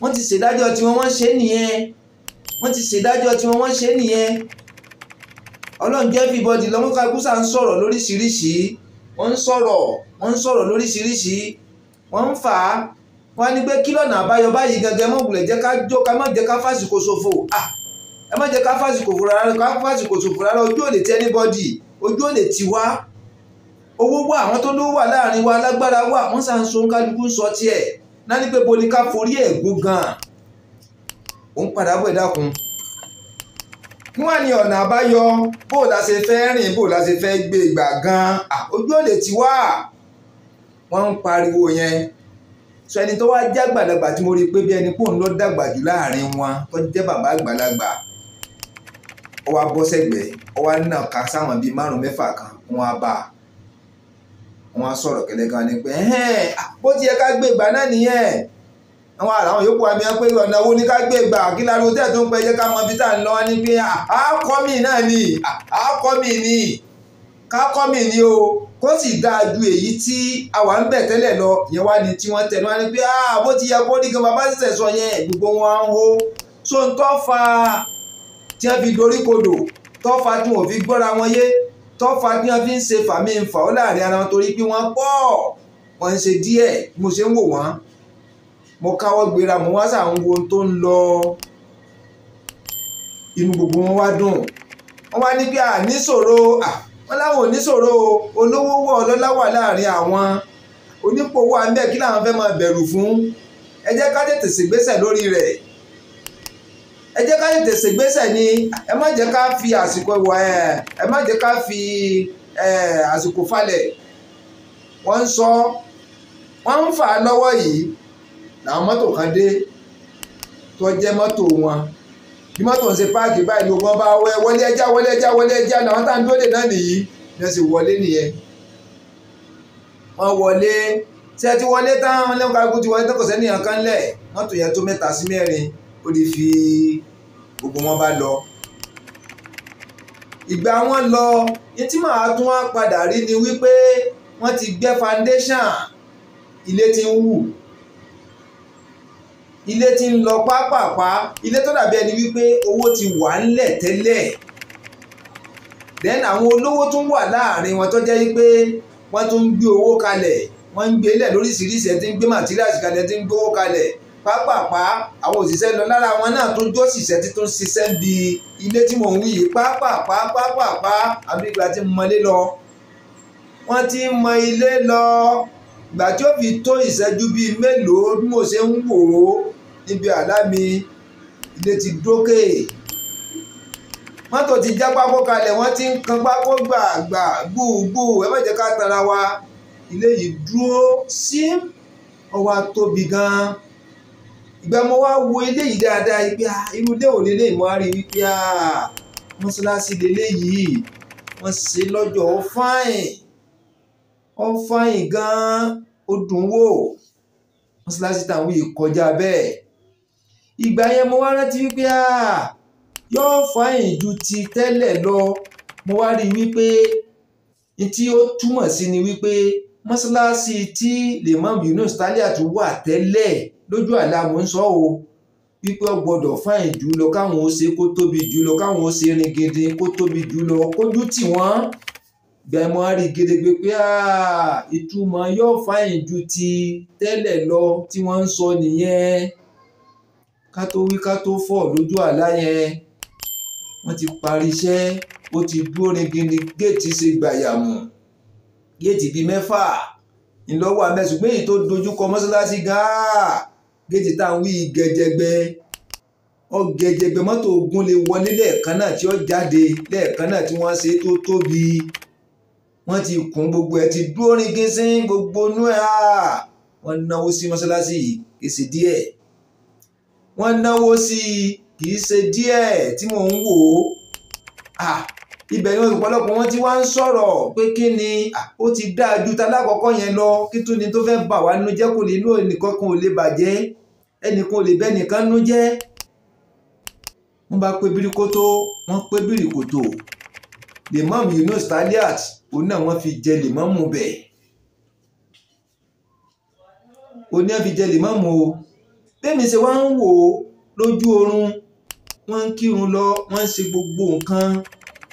wọ́n ti ṣèdájọ́ tiwọn wọ́n ṣe nìyẹn wọ́n ti ṣèdájọ́ tiwọn wọ́n ṣe nìyẹn ọlọ́run jẹ́ everybody lọ́mú kagbúsà ń sọ̀rọ̀ lóríṣiríṣi wọ́n ń sọ̀rọ̀ wọ́n ń sọ̀rọ̀ lóríṣiríṣi wọ́n ń fà á wọ́n á ní pé kí lọ́nà àbáyọ báyìí gẹ́gẹ́ mọ̀gùlẹ̀ jẹ́ ká jó ká má jẹ́ ká fàṣìkò ṣòfò ah ẹ má jẹ́ ká fásitì kò sòfò rárá ojú ò lè ti anybody ojú ò lè ti wá owó wà àwọn tó lówó wà láàrin wa lágbára wà wọ́n sàn so kálukú ń sọ tiẹ̀ náà ní pé bo ni ká forí ẹ̀ gún gan-an òun padà bọ̀ ẹ̀ dákun wọ́n ní ọ̀nà àbáyọ bó la ṣe fẹ́ rìn bó la ṣe fẹ́ gbé ìgbà gan-an ojú ò lè ti wá wọ́n ń pariwo yẹn sọ ẹni tó wá jágbàlagbà tí mo rí i pé bí ẹni pò ń lọ dàgbà jù láàrin wọn tó jẹ́ bàbá àgbàlagbà ó wá bọ́ sẹ́gbẹ̀ẹ́ ó wá nà ká sáwọn bíi márùn mẹ́fà kan wọ́n á bá a wọ́n á sọ̀rọ̀ kẹlẹ́gan ni pé bó ti yẹ ká gbé ìgbà náà nìyẹn àwọn àràwọn yòókù àmì ẹ pé ọ̀nà owó ní ká gbé ìgbà kí lárúkọ tẹ̀ tó ń pẹ́ jẹ́ ká mọ ibi tá à ń lọ ní pé àákọ́mì náà ni àákọ́mì ni kákọ́mì ni o kó sì dáa ju èyí tí àwa ń bẹ̀ tẹ́lẹ̀ lọ yẹn wá ní tí wọ́n tẹnu wá ní pé bó ti yẹ kó ní gan bàbá ṣẹ̀ṣẹ̀ sọ yẹn gbogbo wọn á ń hó so ń tọ́ fa tí wọ́n fi dorí kodò tọ́fà tí wọ́n fi gbọ́ra wọn yé tọ́fà tí wọ́n fi ń ṣe fàmí nfà ó láàrin ara wọn torí pé wọ́n pọ̀ wọ́n ń ṣe díẹ̀ mo ṣe ń wò wọ́n mo káwọ́ gbéra mo wá sà ń wo ohun tó ń lọ inú gbogbo wọn wá dùn wọ́n wá ní pé àníṣòro wọ́n láwọn oníṣòro olówó wọ̀ ọlọ́lá wà láàrin àwọn onípòwò àmì ẹ̀ kí làwọn fẹ́ máa bẹ̀rù fún ẹ jẹ́ ká tètè ṣègbésẹ̀ lórí rẹ̀ ẹ jẹ́ ká ni ẹ má fi àsìkò ìwà ẹ má jẹ́ fi àsìkò falẹ̀ wọ́n ń sọ wọ́n ń fà lọ́wọ́ yìí làwọn mọ́tò kan dé tó jẹ́ mọ́tò wọn bí mọ́tò ń ṣe páàkì báyìí ló wọ́n bá wẹ́ wọlé ẹja wọlé ẹja wọlé ẹja làwọn tá à ń náà nìyí lọ sí wọlé nìyẹn wọ́n wọlé tí ẹ ti wọlé tán lẹ́nu ti wọlé tán ó ti fi gbogbo wọn bá lọ. ìgbà wọn lọ yín tí màá tún wá padà rí ni wípé wọ́n ti gbẹ́ foundation ilé ti ń wù ilé ti ń lọ pápápá ilé tó dàbí ẹni wípé owó ti wà ńlẹ̀ tẹ́lẹ̀ then àwọn olówó tún wà láàrin wọn tó jẹ́ wípé wọ́n tún ń gbé owó kalẹ̀ wọ́n ń gbé lẹ̀ lóríṣiríṣi ẹ̀ ti ń gbé materials kalẹ̀ ti ń gbówó kalẹ̀ pápápá àwọn òṣìṣẹ́ lọ lára wọn náà tó jó òṣìṣẹ́ tí tó ń ṣiṣẹ́ bí ilé tí mò ń wí yìí pápápá pápápá àbí ìgbà tí mọlé lọ wọ́n ti mọ ilé lọ ìgbà tí ó fi tó ìṣẹ́jú bíi mélòó bí mo ṣe ń wò ó níbi àlá mi ilé ti dókè mọ́tò ti já pákó kalẹ̀ wọ́n ti ń kan pákó gbàgbà gbùgbù ẹ má jẹ́ ká tara wa ilé yìí dúró sí ó wá tóbi gan-an ìgbà mo wá wo eléyìí dáadáa ibi irú ilé òní lè mọ àárín wípé mọ́ṣáláṣí lélẹ́yìí wọ́n ṣe lọ́jọ́ ó fáìn ó fáìn gan-an ó dùn wò mọ́ṣáláṣí táwọn yìí kọjá bẹ́ẹ̀ ìgbà yẹn mo wá rántí wípé yóò fáìn ju ti tẹ́lẹ̀ lọ mo wá rí wípé tí ó túmọ̀ sí ni wípé mọ́ṣáláṣí tí lèmọ́ Yunus Taliat wà tẹ́lẹ̀ lójú àlá mo ń sọ o pípẹ́ gbọ́dọ̀ fáìn jù lọ káwọn ó ṣe kó tóbi jù lọ káwọn ó ṣe rin gidi kó tóbi jù lọ kójú tì wọ́n gbẹ̀mọ́ rí gedegbe pé ah, ìtumọ̀ yóò fáìn ju ti tẹ́lẹ̀ lọ tí wọ́n ń sọ nìyẹn ká tó wí ká tó fọ̀ lójú àlá yẹn wọ́n ti parí iṣẹ́ ó ti dúró ringindi géètì ṣe gbàyàmù géètì bíi mẹ́fà ńlọ́wọ́ abẹ́sùgbé yìí tó dojúkọ mọ́ṣáláṣí gan-an géètì tá à ń wí gẹjẹgbẹ ọgẹjẹgbẹ mọ́tò ogun lè wọlé lẹ́ẹ̀kan náà tí ó jáde lẹ́ẹ̀kan náà tí wọ́n ṣe tó tóbi wọ́n ti kún gbogbo ẹ̀ ti dúró ní gínsín gbogbo inú ẹ̀ á wọ́n náwó sí mọ́ṣáláṣí kì í ṣe díẹ̀ wọ́n náwó sí kì í ṣe díẹ̀ tí mò ń wò ó ibẹ̀ yẹn ọ̀pọ̀lọpọ̀ wọn ti wá ń sọ̀rọ̀ pé kí ni ó ti dáa ju talákọ̀ọ́kọ́ yẹn lọ kí tún ni tó fẹ́ bà wá nínú jẹ́ kò lè inú ẹnìkan kan ò lè bàjẹ́ ẹnìkan ò lè bẹ́ nìkan nú jẹ́ wọ́n bá pé bíríkótó wọ́n pé bíríkótó lèmọ́ọ̀mù Yunus Taliat òun náà wọ́n fi jẹ lèmọ́ọ̀mù bẹ̀ òun náà fi jẹ lèmọ́ọ̀mù o bẹ́ẹ̀ mi ṣe wá ń wò ó lójú oorun wọ́n ń kírun lọ wọ́n ń ṣe gbogbo nǹkan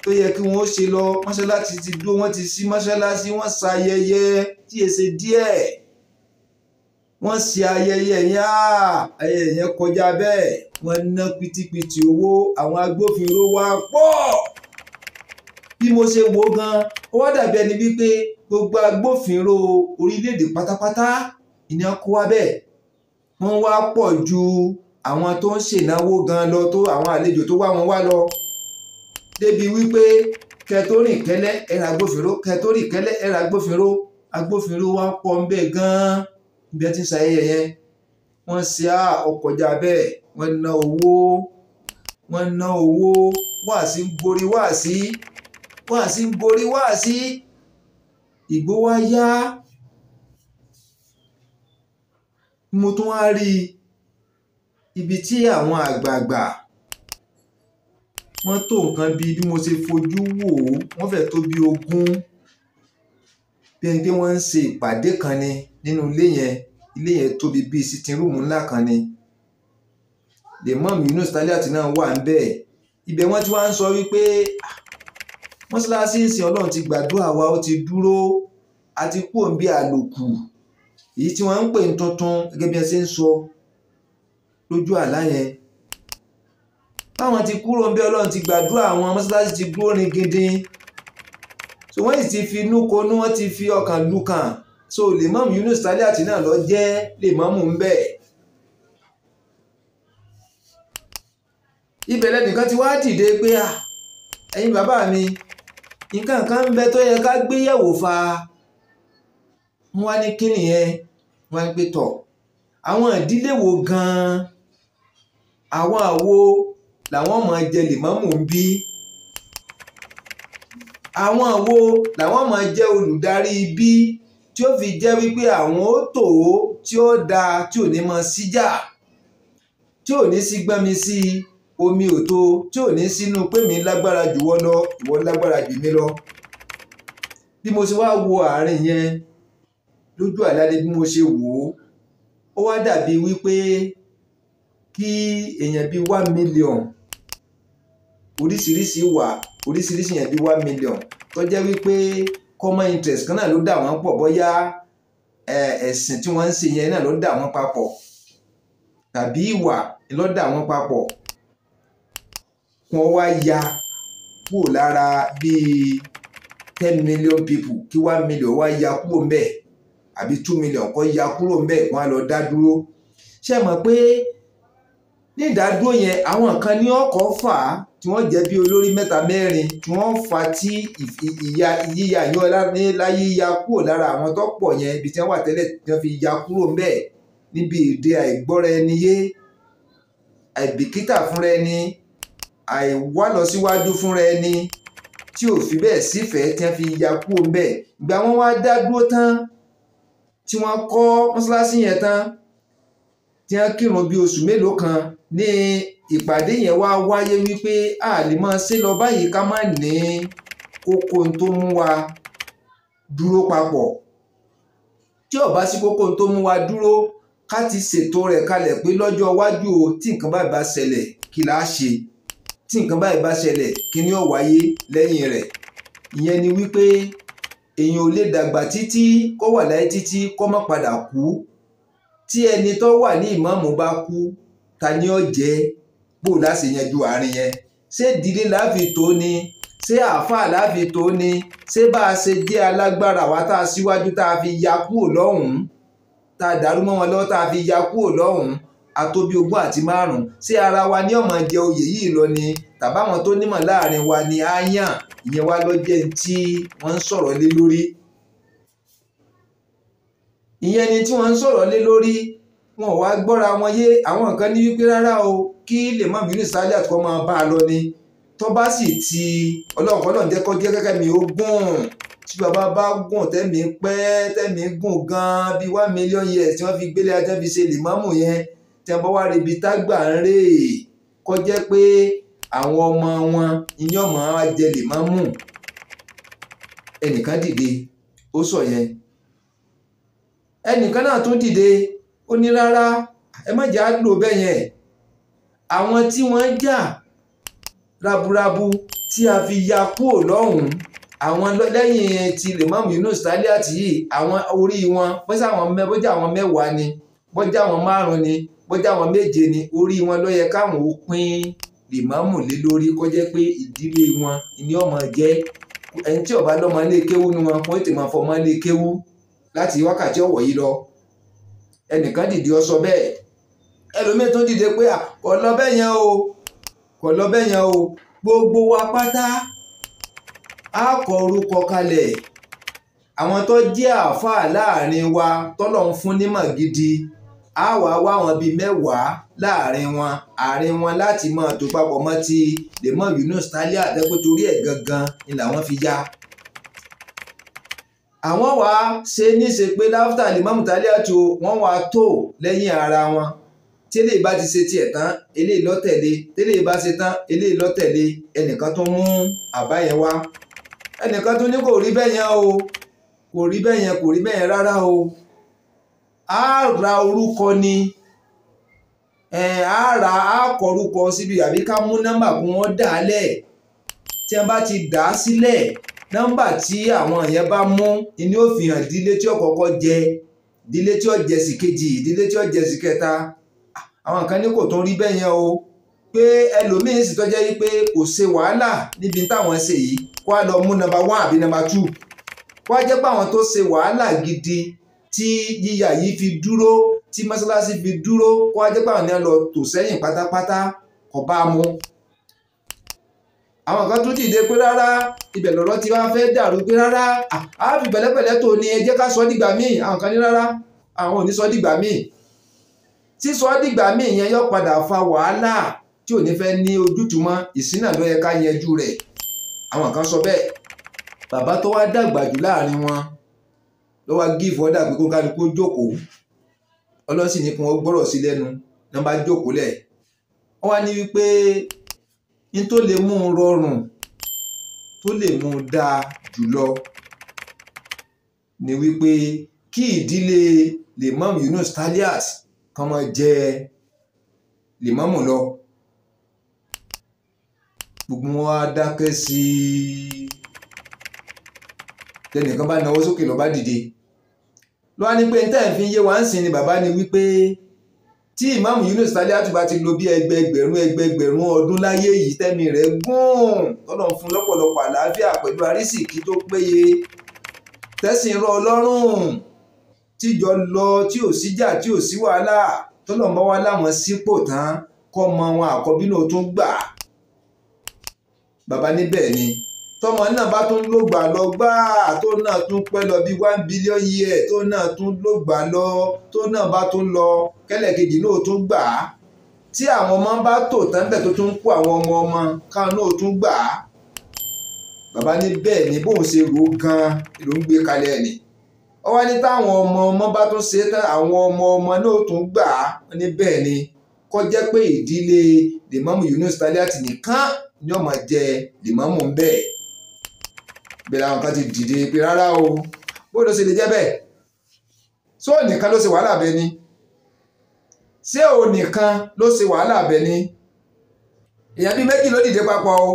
tó yẹ kí wọ́n ṣe lọ mọ́ṣáláṣí ti dúró wọ́n ti ṣí mọ́ṣáláṣí wọ́n ṣe ayẹyẹ tí è ṣe díẹ̀ wọ́n ṣe ayẹyẹ yẹn ah, ayẹyẹ yẹn kọjá bẹ́ẹ̀ wọ́n ná pitipiti owó àwọn agbófinró wa pọ̀ bí mo ṣe wò ó gan ó wá dàbí ẹni wípé gbogbo agbófinró orílẹ̀-èdè pátápátá ìní ọkọ̀ wa bẹ́ẹ̀ wọ́n wá pọ̀ ju àwọn tó ń ṣènáwó gan lọ tó àwọn àlejò tó wá wọn wá lọ débi wípé kẹtórìn kẹlẹ ẹ̀rà agbófinró kẹtórìn kẹlẹ ẹ̀rà agbófinró agbófinró wa pọ̀ ń bẹ̀ gan-an ibi ẹ ti ń ṣayẹyẹ yẹn wọ́n ṣe á ọkọ̀já bẹ́ẹ̀ wọ́n ná owó wọ́n ná owó wáàsí ń gorí wáàsí wáàsí ń gorí wáàsí ìgbó wá yá mo tún wá rí ibi tí àwọn àgbààgbà wọ́n tó nǹkan bí bí mo ṣe fojú wò ó wọ́n fẹ́ tó bí ogún bí ẹni pé wọ́n ń ṣe ìpàdé kan ni nínú ilé yẹn ilé yẹn tóbi bíi sitting room ńlá kan ni lèmọ́ọ̀mù Yunus Taliat náà wà ń bẹ́ẹ̀ ibẹ̀ wọ́n ti wá ń sọ wípé mọ́ṣáláṣí ìsìn ọlọ́run ti gbàdúrà wa ó ti dúró a ti kú òǹbí àlòkù èyí tí wọ́n ń pè ní tuntun gẹ́gẹ́ bí ẹ ṣe ń sọ lójú àlá yẹn táwọn ti kúrò ń bẹ ọlọ́run ti gbàdúrà àwọn mọ́sálásí ti dúró ní gidi so wọ́n sì ti fi inú konú wọ́n ti fi ọkàn lukàn so lèmọ́mù Yunus Taliat náà lọ jẹ́ lèmọ́mù ń bẹ̀. ibẹ̀ lẹ́nìkan ti wá dìde pé à ẹ̀yin bàbá mi nǹkan kan ń bẹ tó yẹ ká gbéyẹ̀wò fa wọ́n wá ní kí nìyẹn wọ́n á gbé tọ̀ àwọn ìdílé wo gan-an àwọn àwo làwọn máa jẹ lèmọ́mù ń bí àwọn wo làwọn máa jẹ olùdarí bí tí ó fi jẹ́ wípé àwọn ó tò ó tí ó dáa tí ò ní mọ síjà tí ò ní sí gbẹ́mi sí omi òtó tí ò ní sínú pé mi lágbára jù wọ́n lọ ìwọ lágbára jù mí lọ bí mo ṣe wá wo àárín yẹn lójú àlá bí mo ṣe wò ó ó wá dàbí wípé kí èèyàn bíi one million oríṣiríṣi wà oríṣiríṣi èèyàn bíi one million tó jẹ́ wípé common interest kan náà ló dà wọ́n pọ̀ bóyá ẹ̀sìn tí wọ́n ń ṣe yẹn náà ló dà wọ́n papọ̀ tàbí ìwà ló dà wọ́n papọ̀ wọ́n wá ya kúrò lára bíi ten million people kí one million wá ya kúrò ń àbí two million kó ya kúrò ń bẹ̀ wọ́n á lọ dá dúró ṣé mọ̀ pé ní ìdádúró yẹn àwọn kan ní ọkọ̀ fà á tí wọ́n jẹ́ bí olórí mẹ́ta mẹ́rin tí wọ́n fa tí ìyá yíya yan láyé ya kúrò lára àwọn tó pọ̀ yẹn ibi tí wọ́n wà tẹ́lẹ̀ tí wọ́n fi ya kúrò ńbẹ̀ níbi èdè àìgbọ́ra ẹni yé àìbìkítà fúnra ẹni àìwálọsíwájú fúnra ẹni tí ò fi bẹ́ẹ̀ sífẹ̀ẹ́ tí wọ́n fi ya kúrò ńbẹ̀ ìgbà wọn wá dá dúró tán tí wọ́n kọ́ mọ́ṣáláṣí yẹn tán tí wọ́n kírun bíi oṣù mélòó kan ní ìpàdé yẹn wá wáyé wípé a lè máa ṣe lọ báyìí ká má ní kókó tó mú wa dúró papọ̀ tí ó bá sí kókó tó mú wa dúró ká ti ṣètò rẹ̀ kalẹ̀ pé lọ́jọ́ iwájú o tí nǹkan báyìí bá ṣẹlẹ̀ kí la ṣe tí nǹkan báyìí bá ṣẹlẹ̀ kí ni ó wáyé lẹ́yìn rẹ̀ ìyẹn ni wípé èèyàn ò lè dàgbà títí kó wà láyé títí kó má padà kú tí ẹni tó wà ní ìmáàmù bá kú ta ni ó jẹ bó o láṣẹ yanjú àárín yẹn ṣé ìdílé láfi tó ni ṣé àáfàá láfi tó ni ṣé bá a ṣe jẹ́ alágbára wa tá a síwájú tá a fi ya kúrò lọ́hùn-ún tá a dàrú mọ́ wọn lọ́wọ́ tá a fi ya kúrò lọ́hùn-ún atóbi ogún àti márùn ṣé ara wa ní ọmọ jẹ oyè yìí lọ ni tàbáwọn tó nímọ̀ láàrin wa ni á yàn ìyẹn wá lọ́jẹ́ tí wọ́n ń sọ̀rọ̀ lé lórí ìyẹn ni tí wọ́n ń sọ̀rọ̀ lé lórí wọn ò wá gbọ́ra wọn yé àwọn kan ní wípé rárá o kí lè má bínú sáájà tó máa bá a lọ ni tó bá sì ti ọlọ́run kọ́ lọ́n jẹ́ kó jẹ́ kẹ́kẹ́ mi ó gùn tí bàbá bá gùn tẹ́mi pẹ́ tẹ́mi gùn gan-an bíi one million years tí wọ́n fi gbélé ajá fi ṣe lèmọ́mù yẹn tí wọ́n bá wá rebi tágbà ń rè é kó jẹ́ pé àwọn ọmọ wọn ìyẹn ọmọ wa jẹ lèmọ́mù ẹnìkan dìde ó sọ yẹn ẹnìkan náà tún dìde ó ní rárá ẹ má jà á lò bẹ́ẹ̀ yẹn àwọn tí wọ́n jà raburabu tí a fi ya kúrò lọ́hùn-ún àwọn lẹ́yìn ti lèmọ́mù Yunus Taliat yìí àwọn orí wọn bọ́jà àwọn bọ́jà àwọn mẹ́wàá ni bọ́jà àwọn márùn-ún ni bọ́jà àwọn méje ni orí wọn ló yẹ káwọn ó pín lèmọ́mù lé lórí kó jẹ́ pé ìdílé wọn ni ọmọ jẹ́ ẹni tí ó lọ́mọ ilé kéwú ni wọn kó tèmọ̀ fọmọ ilé kéwú láti wákàtí ọ̀wọ̀ yìí lọ ẹnìkan dìde ọ sọ bẹ́ẹ̀ ẹlòmíín tó dìde pé kò lọ bẹ́ẹ̀ yẹn o kò lọ bẹ́ẹ̀ yẹn o gbogbo wa pátá a kọ orúkọ kalẹ̀ àwọn tó jẹ́ àáfàá láàrin wa tọ́lọ̀ ń fún nímọ̀ gidi a wà wá wọn bíi mẹ́wàá láàrin wọn àárín wọn láti máa tó papọ̀ mọ́ ti lèmọ́ Yunus Tálíà àtẹ́kùn torí ẹ̀ gangan ni làwọn fi ya àwọn wá ṣe níṣe pé láfútà lè mọ́mù tálẹ́ àtò wọ́n wá tó lẹ́yìn ara wọn tẹ́lẹ̀ bá ti ṣe tiẹ̀ tán eléyìí lọ́tẹ̀lé tẹ́lẹ̀ bá ṣe tán eléyìí lọ́tẹ̀lé ẹnìkan tó mú àbá yẹn wá ẹnìkan tó ní kò rí bẹ́ẹ̀ yẹn o kò rí bẹ́ẹ̀ yẹn kò rí bẹ́ẹ̀ yẹn rárá o á ra orúkọ ni á ra á kọ orúkọ síbi àbí ká mú nọ́mbà kún wọ́n dà á lẹ̀ tí wọ́n bá ti dà á sílẹ̀ nọ́mbà tí àwọn yẹn bá mú ni ó fi hàn ìdílé tí ó kọ́kọ́ jẹ ìdílé tí ó jẹ sí kejì ìdílé tí ó jẹ sí kẹta àwọn kan ní kò tún rí bẹ́ẹ̀ yẹn o pé ẹlòmíín sì tọ́jẹ́ yí pé kò ṣe wàhálà níbi táwọn ṣe yìí kó a lọ mú nọ́mbà one àbí nọ́mbà two kó a jẹ́ pé àwọn tó ṣe wàhálà gidi tí yíyà yìí fi dúró tí mọ́ṣáláṣí fi dúró kó a jẹ́ pé àwọn yẹn lọ tò sẹ́yìn pátápátá kò bá a mú àwọn kan tún dìde pé rárá ibẹ̀ lọ́rọ̀ tí wọ́n fẹ́ dàrú pé rárá a fi pẹ̀lẹ́pẹ̀lẹ́ tó ní ẹ jẹ́ ká sọ dìgbà míì àwọn kan ní rárá àwọn ò ní sọ dìgbà míì sísọ dìgbà míì yẹn yọ padà fa wàhálà tí ò ní fẹ́ ní ojútùú mọ́ ìsínà ló yẹ ká yanjú rẹ̀ àwọn kan sọ bẹ́ẹ̀ bàbá tó wá dàgbà jù láàrin wọn ló wá gíìfù ọ́dà pé kó kálukú jókòó ọlọ́sìn ní kí wọ́n gbọ́rọ̀ sí lẹ́nu ní wọ́n bá jókòó lẹ̀ wọ́n wá ní wípé ní tó lè mú un rọrùn tó lè mú un dáa jùlọ ni wípé kí ìdílé Limam Yunus Talias kan máa jẹ limamu lọ gbogbo wọn á dákẹ́ sí i tẹnìkan bá náwó sókè lọ́ba dìde lọ́wọ́ ni pé ní tẹ́ẹ̀ fi yé wa ń sìn ni bàbá ni wípé tí ìmáàmù Yunus Taliatu bá ti lò bí ẹgbẹẹgbẹ̀rún ẹgbẹẹgbẹ̀rún ọdún láyé yìí tẹ́mi rẹ̀ gùn tọ́nà fún lọ́pọ̀lọpọ̀ àlàáfíà pẹ̀lú àrísìkí tó péye tẹ́sìn rọ̀ ọlọ́rùn tíjọ lọ tí ò síjà tí ò sí wàhálà tọ́nà bá wá láwọn sípò tán kọ́ mọ wọn àkọ́bí náà tún gbà bàbá níbẹ̀ ni. Bẹ́ẹ̀ni tọmọ náà bá tún lògbà lọ gbáà tó náà tún pẹ́ lọ bíi one billion year tó náà tún lògbà lọ tó náà bá tún lọ kẹlẹ̀kejì náà tún gbà á tí àwọn ọmọ bá tò tán bẹ̀ tó tún kó àwọn ọmọ ọmọ káwọn náà tún gbà á bàbá ní bẹ́ẹ̀ ni bóun ṣe rò ó gan ló ń gbé kalẹ̀ ni ó wá ní táwọn ọmọ ọmọ bá tún ṣe tán àwọn ọmọ ọmọ náà tún gbà á ní bẹ́ẹ̀ ni kó jẹ́ pé ìdílé lèmọ́mù Yunus Taliat nìkan ni ọmọ jẹ lèmọ́mù ń bẹ́ẹ̀ bẹ̀rẹ̀ àwọn kan ti dìde pé rárá o bóyá ó sì lè jẹ́ bẹ́ẹ̀ ṣé ò nìkan ló ṣe wàhálà bẹ ni ṣé ò nìkan ló ṣe wàhálà bẹ ni èèyàn bíi méjì ló dìde papọ̀ o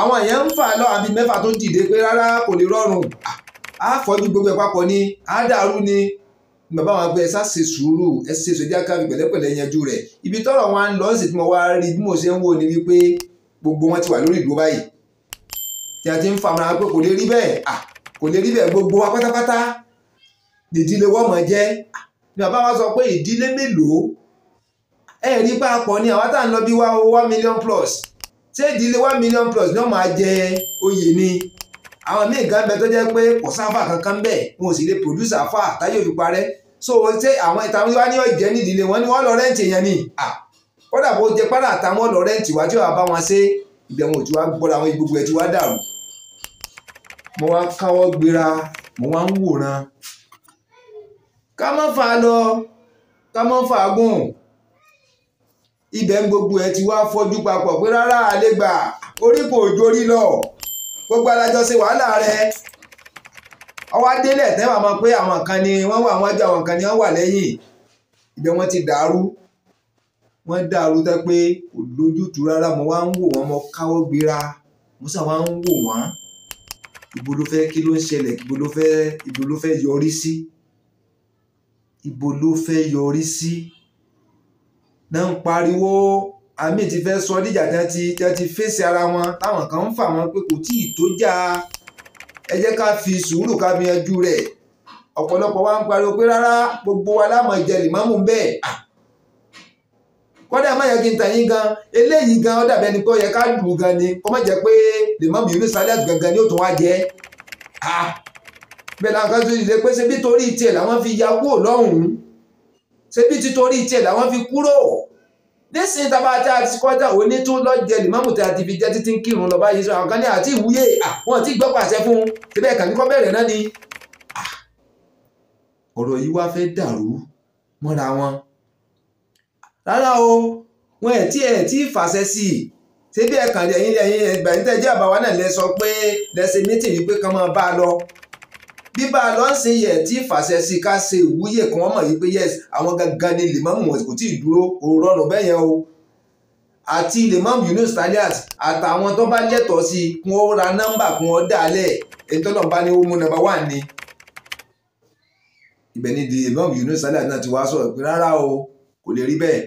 àwọn èèyàn ń fà lọ àbí mẹ́fà tó dìde pé rárá kò lè rọrùn á fọ́jú gbogbo ẹ̀ papọ̀ ni á dàrú ni bàbá wọn gbé ẹsà ṣe sùúrù ẹsẹ ṣe jáká fi yanjú rẹ̀ ibi tọ́rọ̀ wọn lọ sí tí mo wá rí bí mo ṣe ń wò ni wípé gbogbo wọn ti wà lórí ìdúró báyìí tí a ti ń famara pé kò lè rí bẹ́ẹ̀ à kò lè rí bẹ́ẹ̀ gbogbo wa pátápátá ìdílé wọ́mọ jẹ́ ni bàbá wa sọ pé ìdílé mélòó ẹ rí pàápọ̀ ni àwa tá à ń lọ bí wa o one million plus ṣé ìdílé one million plus ni wọ́n máa jẹ oyè ni àwọn míì gan bẹ tó jẹ́ pé kò sáfà kankan bẹ́ẹ̀ wọn ò sì lè pòdúsà fà táyé òfin parẹ́ so ṣé àwọn ìtàwọn wa ní ọ̀jẹ́ nídìílé wọn ni wọ́n lọ rẹ́ǹtì yẹn ni kódà bó jẹ pàdà àtàwọn lọ rẹ́ǹtì wá tí wàá bá wọn ṣe ìbẹ̀wọ̀n tí wàá gbọ́dọ̀ àwọn gbogbo tí wàá dàrú mo wá káwọ́ gbéra mo wá ń wòran ká má fà á lọ ká má fà á gùn ibẹ̀ ń gbogbo ẹ̀ ti wá fọjú papọ̀ pé rárá àlégbà orí kò jórí lọ gbogbo alájọ ṣe wàhálà rẹ ọwọ́ adélẹ̀ tẹ́ wà mọ́ pé àwọn kan ni wọ́n wà wọ́n jẹ́ àwọn kan ni wọ́n wà lẹ́yìn ibẹ̀ wọ́n ti dàrú wọ́n dàrú tẹ́ pé kò lójútu rárá mo wá ń wò wọ́n mo káwọ́ gbéra mo sà wá ń wò wọ́n. ibo ló fẹ́ kí ló ń ṣẹlẹ̀ ibo ló fẹ́ ibo ló fẹ́ yọrí sí ibo ló fẹ́ yọrí sí náà ń pariwo àmì ti fẹ́ sọ níjà tí wọ́n ti tí wọ́n ti fèsì ara wọn táwọn kan ń fà wọ́n pé kò tí ì tó jà ẹ jẹ́ ká fi sùúrù ká fi yanjú rẹ̀ ọ̀pọ̀lọpọ̀ wa ń pariwo pé rárá gbogbo wa láàmú ìjẹ̀lì mọ́mú bẹ́ẹ̀ kọ́dà má yẹ kí n tàn yín gan eléyìí gan ó dàbí ẹni pé ó yẹ ká lù gan ni kó má jẹ́ pé lè má bìí Yunus Aliat gangan ni ó tún wá jẹ́ a bẹ́ẹ̀ làwọn kan tó ti ṣe pé ṣe bí torí tiẹ̀ làwọn fi ya kúrò lọ́hùn-ún ṣe bí títorí tiẹ̀ làwọn fi kúrò nísìnyí tábà tá a ti kọjá òní tó lọ́jẹ lìmọ́mù tí a ti fi jẹ́ títí ń kírun lọ báyìí sọ àwọn kan ní àti ìwúyè àwọn àti ìgbọ́pàṣẹ fún un síbẹ̀ kàn kọ́ bẹ̀rẹ̀ náà ni ọ̀rọ̀ yìí wá fẹ́ dàrú mọ́ra wọn rárá o wọn ẹ̀ tí ẹ̀ tí fàṣẹ sí i ṣé bí ẹ̀kan ẹ̀yìn ẹ̀yìn ẹgbà ní àbáwá náà lẹ sọ pé lẹ́sẹ̀ mítìn wípé kan máa bá a lọ bí bá a lọ ń ṣe yẹ̀ tí fàṣẹ sí i ká ṣe ìwúyè kan wọ́n mọ̀ yìí pé yẹ́sì àwọn gangan ni lèmọ́mù wọn kò tí ì dúró òórọ́ nù bẹ́yẹn o àti lèmọ́mù Yunus Taliat àtàwọn tó bá lẹ́tọ̀ọ́ sí i kún ó ra nọ́mbà kún ó dálẹ̀ ètò náà bá ní ó mú nọ́mbà wà ní ibẹ̀ ni lèmọ́mù Yunus Taliat náà ti wá sọ̀rọ̀ pé kò lè rí bẹ́ẹ̀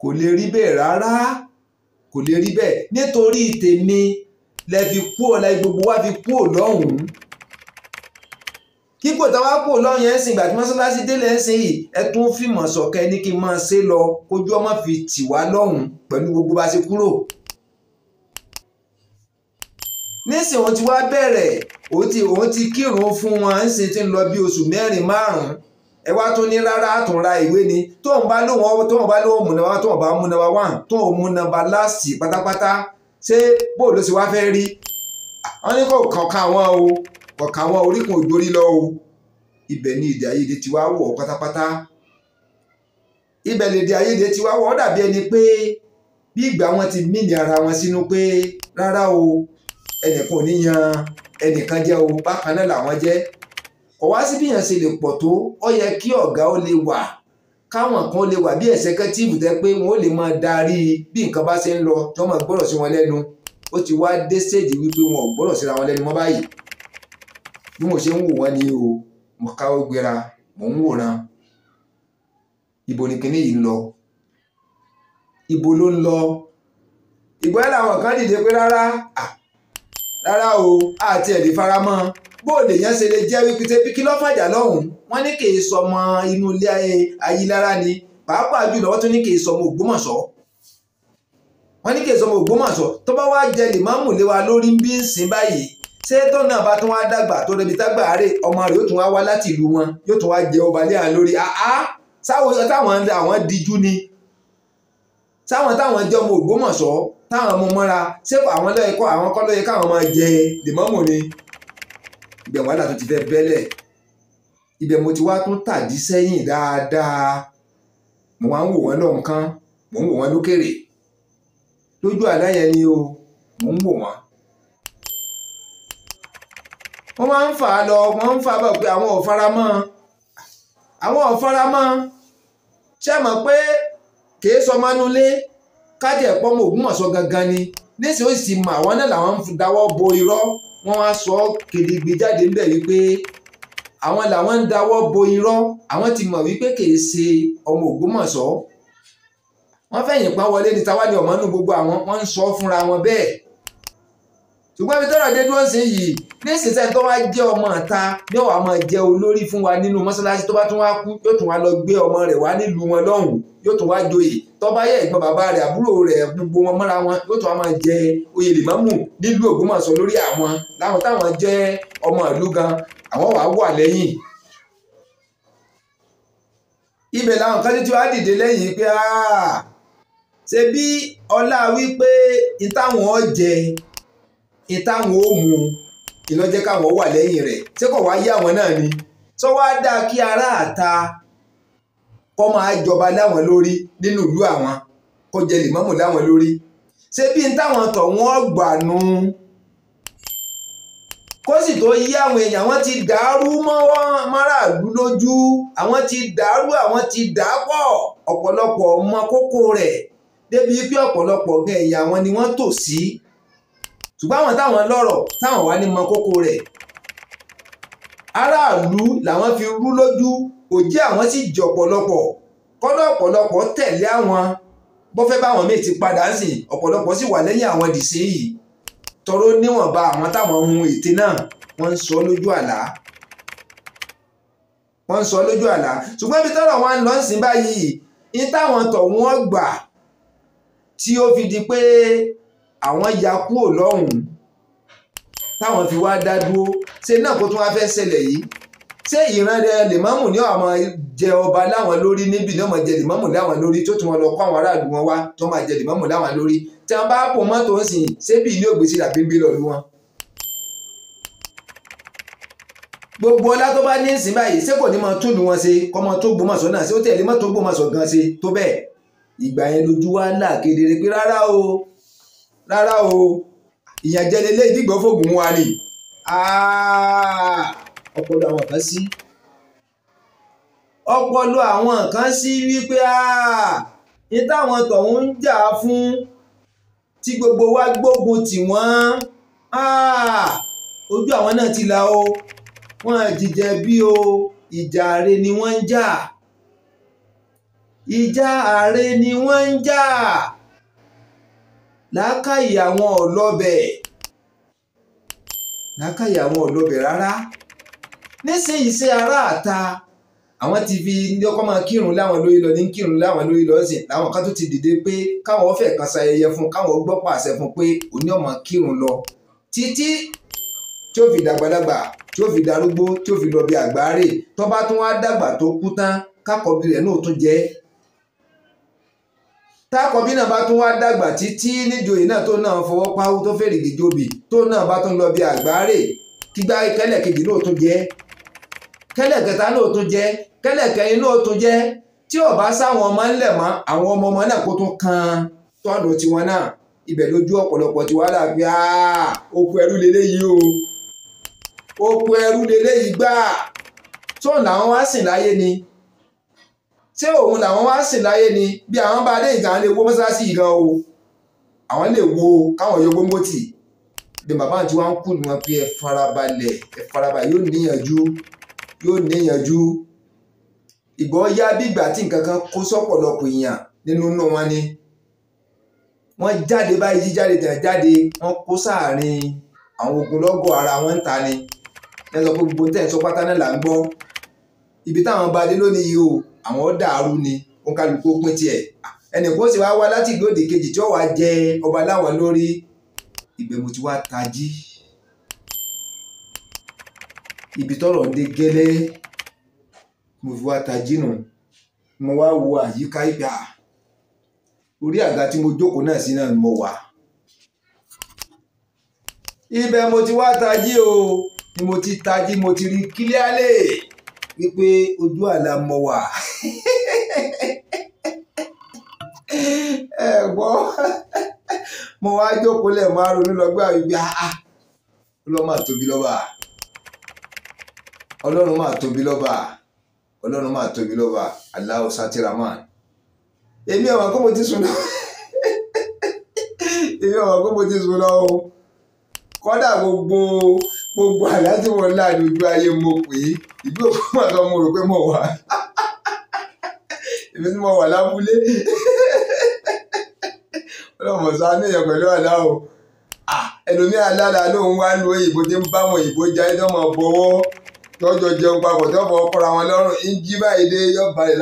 kò lè rí bẹ́ẹ̀ rárá kò lè rí bẹ́ẹ̀ nítorí tèmi lẹ fi kú ọ̀la gbogbo wa fi kú ọ̀lọ́hùn-ún kíkò táwa kú ọ̀lọ́hùn yẹn sìn ìgbà tí mọ́sálásí délé ń sìn yìí ẹ tún fìmọ̀ sọ̀kẹ́ ní kí n máa ṣe lọ kójú ọmọ fi tì wá lọ́hùn pẹ̀lú gbogbo bá ṣe kúrò nísìn òun ti wá bẹ̀rẹ̀ òun ti kírun fún wọn ń sìn ti ń lọ bí oṣù mẹ́rin márùn-ún ẹ wá tó ní rárá àtúnra ìwé ni tóun bá lóun tóun bá lóun mú nàbà tóun bá mú nàbà one tóun mú nàbà láàsì pátápátá ṣé bóòlù sì wá fẹ́ rí wọn ní kò kọ̀ọ̀kan wọn o kọ̀ọ̀kan wọn oríkùn òjòrí lọ o ibẹ̀ ni èdè àìyedè ti wá wọ̀ pátápátá ibẹ̀ lèdè àìyedè ti wá wọ̀ ọ́ dàbí ẹni pé bí ìgbà wọn ti mìíní ara wọn sínú pé rárá o ẹnìkan ò ní yan ẹnìkan jẹ́ o bákan náà làwọn jẹ́ kò wá sí bí èèyàn ṣe lè pọ̀ tó ó yẹ kí ọ̀gá ó lè wà káwọn kan ó lè wà bí ẹ̀sẹ̀kẹ́tìfù tẹ́ pé wọ́n ó lè máa darí bí nǹkan bá ṣe ń lọ tí wọ́n máa gbọ́rọ̀ sí wọn lẹ́nu ó ti wá dé stage wípé wọn ò gbọ́dọ̀ síra wọn lẹ́nu mọ́ báyìí bí mo ṣe ń wò wọ́n ni o mo káwọ́ gbéra mò ń wòran ibo ni kinní yìí ń lọ ibo ló ń lọ ìgbà làwọn kan dìde pé rárá rárá o àti ẹ̀dí faramọ́ bó lè yẹn ṣe lè jẹ́ wípé bí kí ló fàjà lọ́hùn-ún wọ́n ní kì í sọmọ inú ilé Ayílára ni pàápàá jùlọ wọ́n tún ní kì í sọmọ Ògbómọ̀ṣọ́ wọ́n ní kì í sọmọ Ògbómọ̀ṣọ́ tó bá wá jẹ lèmọ́mù lé wa lórí bí ń sìn báyìí ṣé tó náà bá tún wá dàgbà tó débi tágbà rè ọmọ rẹ̀ yóò tún wá wá láti ìlú wọn yóò tún wá jẹ ọba lé àwọn lórí àá táwọn díjú ni táwọn táwọn jẹ́ ọmọ Ògbómọ̀ṣọ́ táwọn ọmọ mọ́ra ṣé àwọn lọ́yẹ̀kọ́ àwọn kọ́ lọ́yẹ̀kọ́ àwọn máa jẹ lèmọ́mù ni ibẹ̀ wàhálà tó ti fẹ́ bẹ́lẹ̀ ibẹ̀ mo ti wá tún tàdí sẹ́yìn dáadáa mo wá ń wò wọ́n náà nǹkan mo ń wò wọ́n lókèrè lójú àlá yẹn ni o mo ń wò wọ́n. wọ́n máa ń fà á lọ wọ́n ń fà á bọ̀ pé àwọn ò fara mọ́ àwọn ò fara mọ́ ṣé mọ̀ pé kìí sọmọ nulẹ̀ kájẹ̀ pọ́nmọ́ ògúnmọ̀sọ gangan ni níṣẹ́ ó sì mọ àwọn náà làwọn ń dáwọ́ bo irọ́ wọ́n wá sọ kedegbe jáde ńbẹ̀ wípé àwọn làwọn ń dáwọ́ bo irọ́ àwọn ti mọ̀ wípé kìí ṣe ọmọ Ògbómọ̀ṣọ́ wọ́n fẹ̀yìn pọ́n wọlé ní tawádìí ọ̀mọ́nú gbogbo àwọn wọ́n ń sọ fúnra wọn bẹ́ẹ̀ ṣùgbọ́n ibi tọ́rọ̀ dé dúró sí yìí nísinsìnyí tó wá jẹ́ ọmọ ìta yóò wá máa jẹ́ olórí fún wa nínú mọ́ṣáláṣí tó bá tún wá kú yóò tún wá lọ gbé ọmọ rẹ̀ wá nílùú wọn lọ́hùn yóò tún wá joyè tó bá yẹ ìgbọ́n bàbá rẹ̀ àbúrò rẹ̀ gbogbo wọn mọ́ra wọn yóò tún wá máa jẹ oyè lèmọ́mù nílùú Ògbómọ̀ṣọ́ lórí àwọn láwọn táwọn jẹ́ ọmọ ìlú gan àwọn wàá wà lẹ́yìn ibẹ̀ làwọn kan tí wàá dìde lẹ́yìn pé ṣe bí ọlá wípé ìtàwọn ọ̀jẹ̀ ìtàwọn ó mu ìlọ́jẹ́ káwọn wà lẹ́yìn rẹ̀ ṣé kò wá yé àwọn náà ni sọ wá dáa kí ará àta kọ́ máa jọba láwọn lórí nínú ìlú àwọn kó jẹ lèmọ́mù láwọn lórí ṣé bí n táwọn tọ̀ wọ́n gbà nu kó sì tó yí àwọn èèyàn àwọn ti dàrú mọ́wọ́ máràlú lójú àwọn ti dàrú àwọn ti dàpọ̀ ọ̀pọ̀lọpọ̀ ọmọ kókó rẹ̀ débi pé ọ̀pọ̀lọpọ̀ gan ẹ̀yà wọn ni wọ́n tò sí. Si ṣùgbọ́n àwọn táwọn lọ́rọ̀ táwọn wá ní mọ kókó rẹ̀ aráàlú làwọn fi rú lójú òjì àwọn sì jọ ọ̀pọ̀lọpọ̀ kọ́dọ̀ ọ̀pọ̀lọpọ̀ tẹ̀lé àwọn bọ́fẹ́ báwọn míì ti padà sí ọ̀pọ̀lọpọ̀ sì wà lẹ́yìn àwọn dìṣe yìí tọrọ níwọ̀nba àwọn táwọn ohun ète náà wọ́n ń sọ lójú àlá wọ́n ń sọ lójú àlá ṣùgbọ́n ibi tọ́rọ̀ wọn lọ sí báyìí ní táwọn tọ̀ wọ́n gbà tí ó fi di pé àwọn ya kúrò lọ́hùn-ún táwọn fi wá dá dúró ṣe náà kó tún wá fẹ́ ṣẹlẹ̀ yìí ṣé ìran lèmọ́mù ní ọ̀mọ̀ jẹ ọba láwọn lórí níbi ní ọmọ jẹ lèmọ́mù láwọn lórí tó tún wọn lọ kó àwọn aráàlú wọn wá tó máa jẹ lèmọ́mù láwọn lórí tí wọn bá pò mọ́tò ń sìn ṣébì ilé ògbésí làbí ń gbé lọ lú wọn. gbogbo ọlá tó bá ní ìsìn báyìí ṣé kò ní máa tún wọn ṣe kọ́ máa tó gbòmọ̀ṣọ́ náà ṣé ó tẹ̀lé mọ́tò gbòmọ̀ṣọ́ gan ṣe tó bẹ́ẹ̀ ìgbà yẹn lójú wa là kedere pé rárá o rárá o ìyànjẹ lélẹ́ ìdígbọ́ fògùn wa ni ọpọlọ àwọn kan sí ọpọlọ àwọn kan sí wípé ní táwọn tọ̀hún ń jà fún tí gbogbo wa gbógun tì wọ́n ojú àwọn náà ti là o wọ́n jìjẹ bí o ìjà àre ni wọ́n ń jà ìjà àre ni wọ́n ń jà. làákàyè àwọn ọlọ́bẹ̀ làákàyè àwọn ọlọ́bẹ̀ rárá nísìnyí ṣe aráàta àwọn ti fi ọkọ máa kírun láwọn lórí lọ ní kírun láwọn lórí lọ sí làwọn kan tó ti dìde pé káwọn ọfẹ kan ṣayẹyẹ fún káwọn gbọ́ pàṣẹ fún pé òní ọmọ kírun lọ títí tí ó fi dàgbàdàgbà tí ó fi darúgbó tí ó fi lọ bí àgbáre tó tún wá dàgbà tó kú tán náà tákọ̀bí náà bá tún wá dàgbà títí níjòyè náà tó náà fọwọ́ pawú tó fèrè gèjòbì tó náà bá tún lọ bí àgbáre kígbá kẹlẹ̀ kejì náà tún jẹ́ kẹlẹ̀ kẹta náà tún jẹ́ kẹlẹ̀ kẹrin náà tún jẹ́ tí ò bá sáwọn ọmọ ńlẹ̀ mọ́ àwọn ọmọ ọmọ náà kó tún kan tọ́dọ̀ tiwọn náà ibẹ̀ lójú ọ̀pọ̀lọpọ̀ ti wá dàbí okú ẹrú leléyìí o okú ẹrú leléyìí gbà tóun làwọn wá sìn láyé ni ṣé òun làwọn wá sìn láyé ni bí àwọn bá dé ìgbà lè wó mọ́sálásí yìí gan o àwọn lè wo káwọn yọ gbóngbó tì bí bàbá àti wọn kù ni wọn pé ẹ farabalẹ̀ ẹ farabalẹ̀ yóò níyànjú yóò níyànjú ìgbọ́ yá bí ìgbà tí nǹkan kan kó sọ́pọ̀lọpọ̀ èèyàn nínú inú wọn ni wọ́n jáde báyìí jíjáde tẹ̀ jáde wọ́n kó sáàárín àwọn ogunlọ́gọ̀ ara wọn ń ta ni ẹ sọ pé gbogbo tẹ̀ ń sọ pátá náà là ń gbọ́ ibi táwọn bá dé lónìí o àwọn dàrú ni òǹkàlùkù pín tiẹ̀ ẹnìkan sì wá wá láti ìlú òdì kejì tí ó wàá jẹ ọba láwọn lórí ìgbẹ̀mù tí wàá tají ibi tọ́rọ̀ dé gẹ́lẹ́ mo fi wá tají nù mo wá wo àyíká ìgbà orí àga tí mo jókòó náà sí náà mo wà ibẹ̀ mo ti wá tají o ni mo ti tají mo ti rí kílíálẹ̀ wípé ojú àlá mọ wà ẹ̀gbọ́n mo wá jókòó lẹ̀ máa ronú lọ́gbà wípé ah, ah, ọlọ́run máa tóbi lọ́ba ọlọ́run máa tóbi lọ́ba ọlọ́run máa tóbi lọ́ba Allahu Satiraman èmi ọ̀wà kó mo ti sùn lọ èmi ọ̀wà kó mo ti sùn lọ o kọ́dà gbogbo gbogbo àlá tí wọ́n ń lá ní ojú ayé mo pè ìlú Ògbómọ̀ṣọ́ mo rò pé mo wà èmi tí mo wà lábúlé ọlọ́mọ sànú èèyàn pẹ̀lú àlá o ẹlòmí alára lóun wá lu òyìnbó tí ń bá wọn òyìnbó jáde tó máa bọwọ́ tọ́jọ́ jẹun papọ̀ tó fọ ọkọ̀ra wọn lọ́rùn ń jí báyìí dé yọ balẹ̀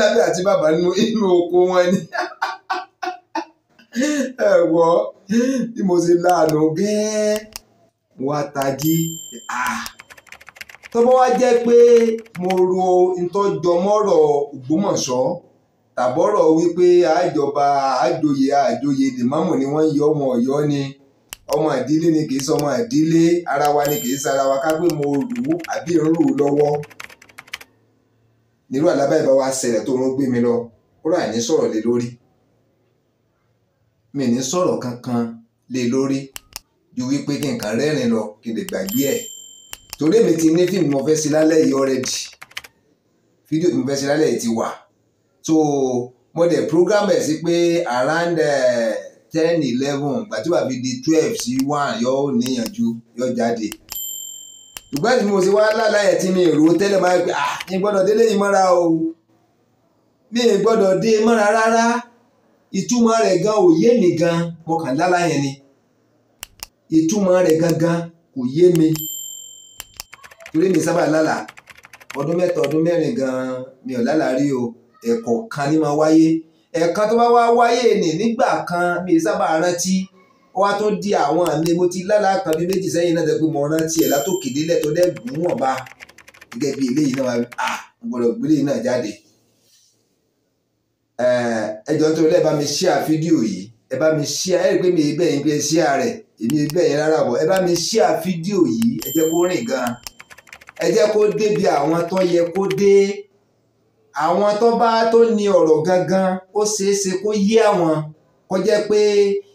lábẹ́ àti bàbá nínú oko wọn ni ẹ̀wọ́ bí mo ṣe láàánú gẹ́ẹ́ mo wá tají ah tó wá jẹ́ pé mo ro ìtọ́jọmọ́rọ̀ Ògbómọ̀ṣọ́ tàbọ́rọ̀ wípé àjọba àjòyè àjòyè lèmọ́mù ni wọ́n ń yọ ọmọ Ọ̀yọ́ ni ọmọ ìdílé ni kì í sọmọ ìdílé ara wa ni kì í sara wa ká mo rù ú àbí ń rù ú lọ́wọ́ nírú àlábàá ìbá wa ṣẹlẹ̀ tó ń gbé mi lọ ó rà ní sọ̀rọ̀ lé lórí mi ní sọ̀rọ̀ kankan lé lórí ju wípé kí n kàn rẹ́rìn lọ kí n lè gbàgbé ẹ̀. torí èmi ti ní fíìmù mo fẹ́ ṣe lálẹ́ yìí already fídíò tí mo fẹ́ ṣe lálẹ́ yìí ti wà so mo dẹ̀ program ẹ̀ sí pé around eh, ten eleven gbàtí wàá fi di twelve sí one yóò níyànjú yóò jáde ṣùgbọ́n tí mo ṣe wá lálàyé tí mi rò tẹ́lẹ̀ máa gbé ah mi gbọ́dọ̀ délé yìí mọ́ra o mi gbọ́dọ̀ dé mọ́ra rárá ìtumọ̀ rẹ̀ gan ò yé mi gan mo kàn lálàyé ni ìtumọ̀ rẹ̀ gangan kò yé mi torí mi sábà lálàá ọdún mẹ́ta ọdún mẹ́rin gan-an mi ò lálàá rí o ẹ̀kọ́ kan ní máa wáyé ẹ̀kan tó bá wá wáyé ni nígbà kan mi sábà rántí ó wá tó di àwọn àmì mo ti lálàá kan bí méjì sẹ́yìn náà dẹ́gbẹ́ mo rántí ẹ̀ látòkè délẹ̀ tó dẹ́gùn wọ̀n bá gẹ́gẹ́ bí eléyìí náà à gbọ́dọ̀ gbélé náà jáde ẹ jọ̀ọ́ nítorí ẹ bá mi share fídíò yìí ẹ bá mi share ẹ rí i pé mi ì bẹ́ẹ̀ ń gbé share rẹ̀ èmi ì bẹ́ẹ̀ yẹn rárá bọ̀ ẹ bá mi share fídíò yìí ẹ jẹ́ kó rìn gan-an ẹ jẹ́ kó débi àwọn tó yẹ kó dé àwọn tó bá tó ní ọ̀rọ̀ gangan ó ṣeé ṣe kó yé àwọn kó jẹ́ pé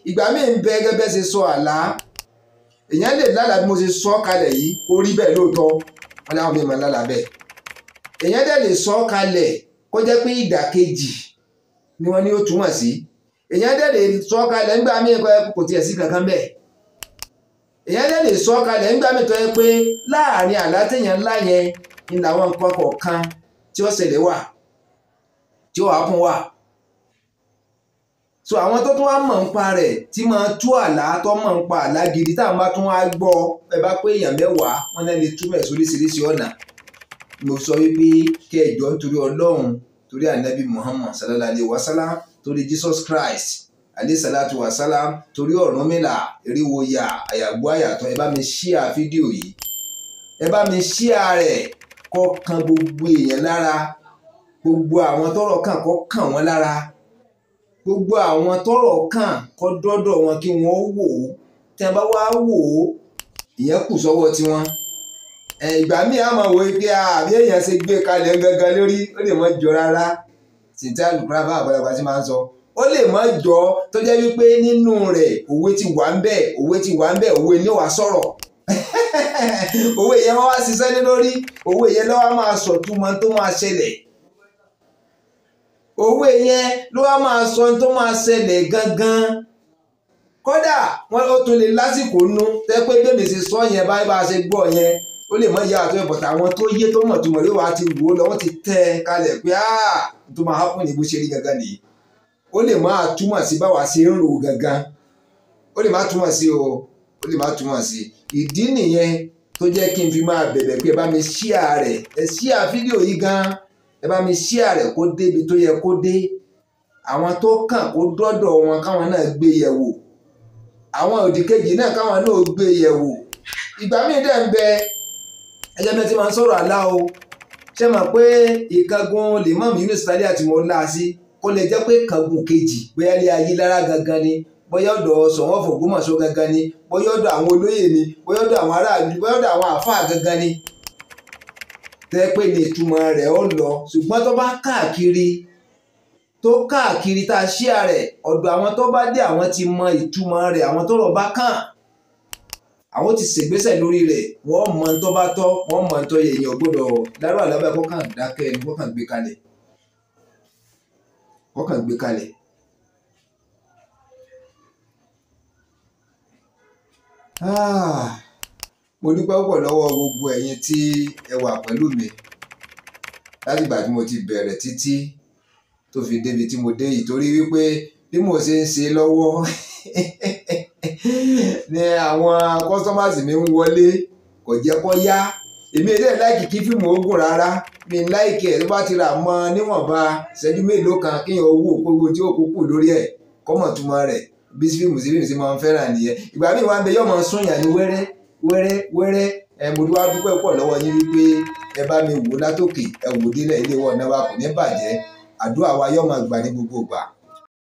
ìgbà míì ń bẹ gẹ́gẹ́ ṣe sọ àlá èèyàn lè lálàá bí mo ṣe sọ kalẹ̀ yìí kó rí bẹ́ẹ̀ lóòótọ́ wọn láwọn mi máa lálàá bẹ́ẹ̀ èèyàn dẹ̀ lè sọ kalẹ̀ kó jẹ́ pé ìdàkejì ni wọ́n ní ó túmọ̀ sí èèyàn dẹ̀ lè sọ kalẹ̀ nígbà míì kò tiẹ̀ sí kankan bẹ́ẹ̀ èyàn lè lè sọ kalẹ̀ nígbà mìtọ́ yẹ pé láàrin àlá téèyàn ńlá yẹn ni làwọn nǹkan kọ̀ọ̀kan tí ó ṣẹlẹ̀ wà tí ó wàá kún wà. so àwọn tó tún wá mọ̀ ń pa rẹ̀ tí máa tú àlá tó mọ̀ ń pa àlá gidi tá à ń bá tún wá gbọ́ ẹ bá pé èèyàn mẹ́wàá wọn náà lè sóríṣiríṣi ọ̀nà mo sọ wípé kẹjọ nítorí ọlọ́run torí ànábì Muhammad sallallahu alayhi wa sallam torí Jesus Christ alayhisalatu wasalam torí Ọ̀rúnmìlà eriwo ya àyàgbó àyàtọ̀ ẹ bá mi ṣíà fídíò yìí ẹ bá mi ṣíà rẹ̀ kọ́ kan gbogbo èèyàn lára gbogbo àwọn tọ́rọ̀ kàn kọ́ kàn wọ́n lára gbogbo àwọn tọ́rọ̀ kàn kọ́ dọ́dọ̀ wọn kí wọ́n wò ó tí wọ́n bá wá wò ó ìyẹn kù sọ́wọ́ tiwọn ìgbà míì a máa wọ pé àbí ah, èèyàn ṣe gbé kalẹ̀ gangan lórí ó lè mọ́ jọ rárá sèǹtẹ́ àlùkò rábà àgbàlagbà tí máa ń sọ ó lè má jọ tó jẹ́ wípé nínú rẹ̀ òwe ti wà ń bẹ̀ òwe ti wà ń bẹ̀ òwe ni ó wà sọ̀rọ̀ òwe yẹn wọ́n wá ṣiṣẹ́ lé lórí òwe yẹn lọ́wọ́ máa sọ̀túmọ̀ tó máa ṣẹlẹ̀ òwe yẹn ló wá máa sọ tó máa ṣẹlẹ̀ gangan kódà wọn ó tún lè lásìkò nu tẹ pé bẹ́ẹ̀mì sì sọ yẹn báyìí bá a ṣe gbọ́ yẹn ó lè mọ ìyá àti ìbọ̀tà àwọn tó yé tó mọ̀ tó mọ̀ ló ti wò ó lọ́wọ́ ti tẹ́ ẹ kalẹ̀ pé áà tó máa hápùn ní bó ṣe rí gangan nìyí ó lè máa túmọ̀ sí báwa ṣe ń rò gangan ó lè máa túmọ̀ sí o ó lè máa túmọ̀ sí ìdí nìyẹn tó jẹ́ kí n fi máa bẹ̀bẹ̀ pé ẹ bá mi ṣíà rẹ̀ ẹ ṣíà fídíò yìí gan ẹ bá mi ṣíà rẹ̀ kó débi tó yẹ kó dé àwọn tó kàn kó dọ́dọ̀ wọn káwọn náà gbé yẹ̀wò àwọn òdìkejì náà káwọn náà gbé yẹ̀wò ìgbà míì dẹ̀ ń bẹ ẹjẹ́ mi máa ń sọ̀rọ̀ àlá o ṣé mọ̀ pé ìkangun lèmọ́ọ̀mù Yunus Tálíà tí mo lá a sí ó lè jẹ́ pé kàngùn kejì bóyá ilé ayé lára gangan ni bóyá ọ̀dọ̀ Ṣọ̀ún Ògbómọ̀ṣọ́ gangan ni bóyá ọ̀dọ̀ àwọn olóyè ni bóyá ọ̀dọ̀ àwọn aráàlú bóyá ọ̀dọ̀ àwọn àáfàá gangan ni tẹ́ pé ní ìtumọ̀ rẹ̀ ó lọ ṣùgbọ́n tó bá káàkiri tó káàkiri tá a ṣíà rẹ̀ ọ̀dọ̀ àwọn tó bá dé àwọn ti mọ ìtumọ̀ rẹ̀ àwọn tó rọ̀ bá kàn àwọn ti ṣègbésẹ̀ lórí rẹ̀ wọ́n mọ tó bá tọ́ wọ́n mọ tó yẹ èèyàn gbọ́dọ̀ dárò àlábẹ́ kọ́kàn dákẹ́ ẹni kọ́kàn gbé kalẹ̀ wọ́n kàn gbé kalẹ̀ ah, mo dúpẹ́ púpọ̀ lọ́wọ́ gbogbo ẹ̀yin tí ẹ wà pẹ̀lú mi láti ìgbà tí mo ti bẹ̀rẹ̀ títí tó fi débi tí mo dé yìí torí wípé bí mo ṣe ń ṣe lọ́wọ́ ni àwọn kọ́sọ́mọ̀sì mi ń wọlé kò jẹ́ kó yá èmi ẹ̀ lẹ́yìn láìkì kí fíìmù ogun rárá mi láìkì ẹ̀ tó bá ti rà mọ́ níwọ̀nba ṣẹ́jú mélòó kan kéèyàn owó òpópó tí ó kó kù lórí ẹ̀ kọ́mọ̀ túmọ̀ rẹ̀ bí fíìmù sí fíìmù sí máa ń fẹ́ràn nìyẹn ìgbà míì wá ń bẹ yọ̀ máa súnyàn ní wẹ́rẹ́ wẹ́rẹ́ wẹ́rẹ́ ẹ mo dúpẹ́ dúpẹ́ pọ̀ lọ́wọ́ yín wípé ẹ bá mi wò látòkè ẹ wò délẹ̀ ilé wọn náà wà kò ní bàjẹ́ àdúrà wa yọ̀ máa gbà ní gbogbo ìgbà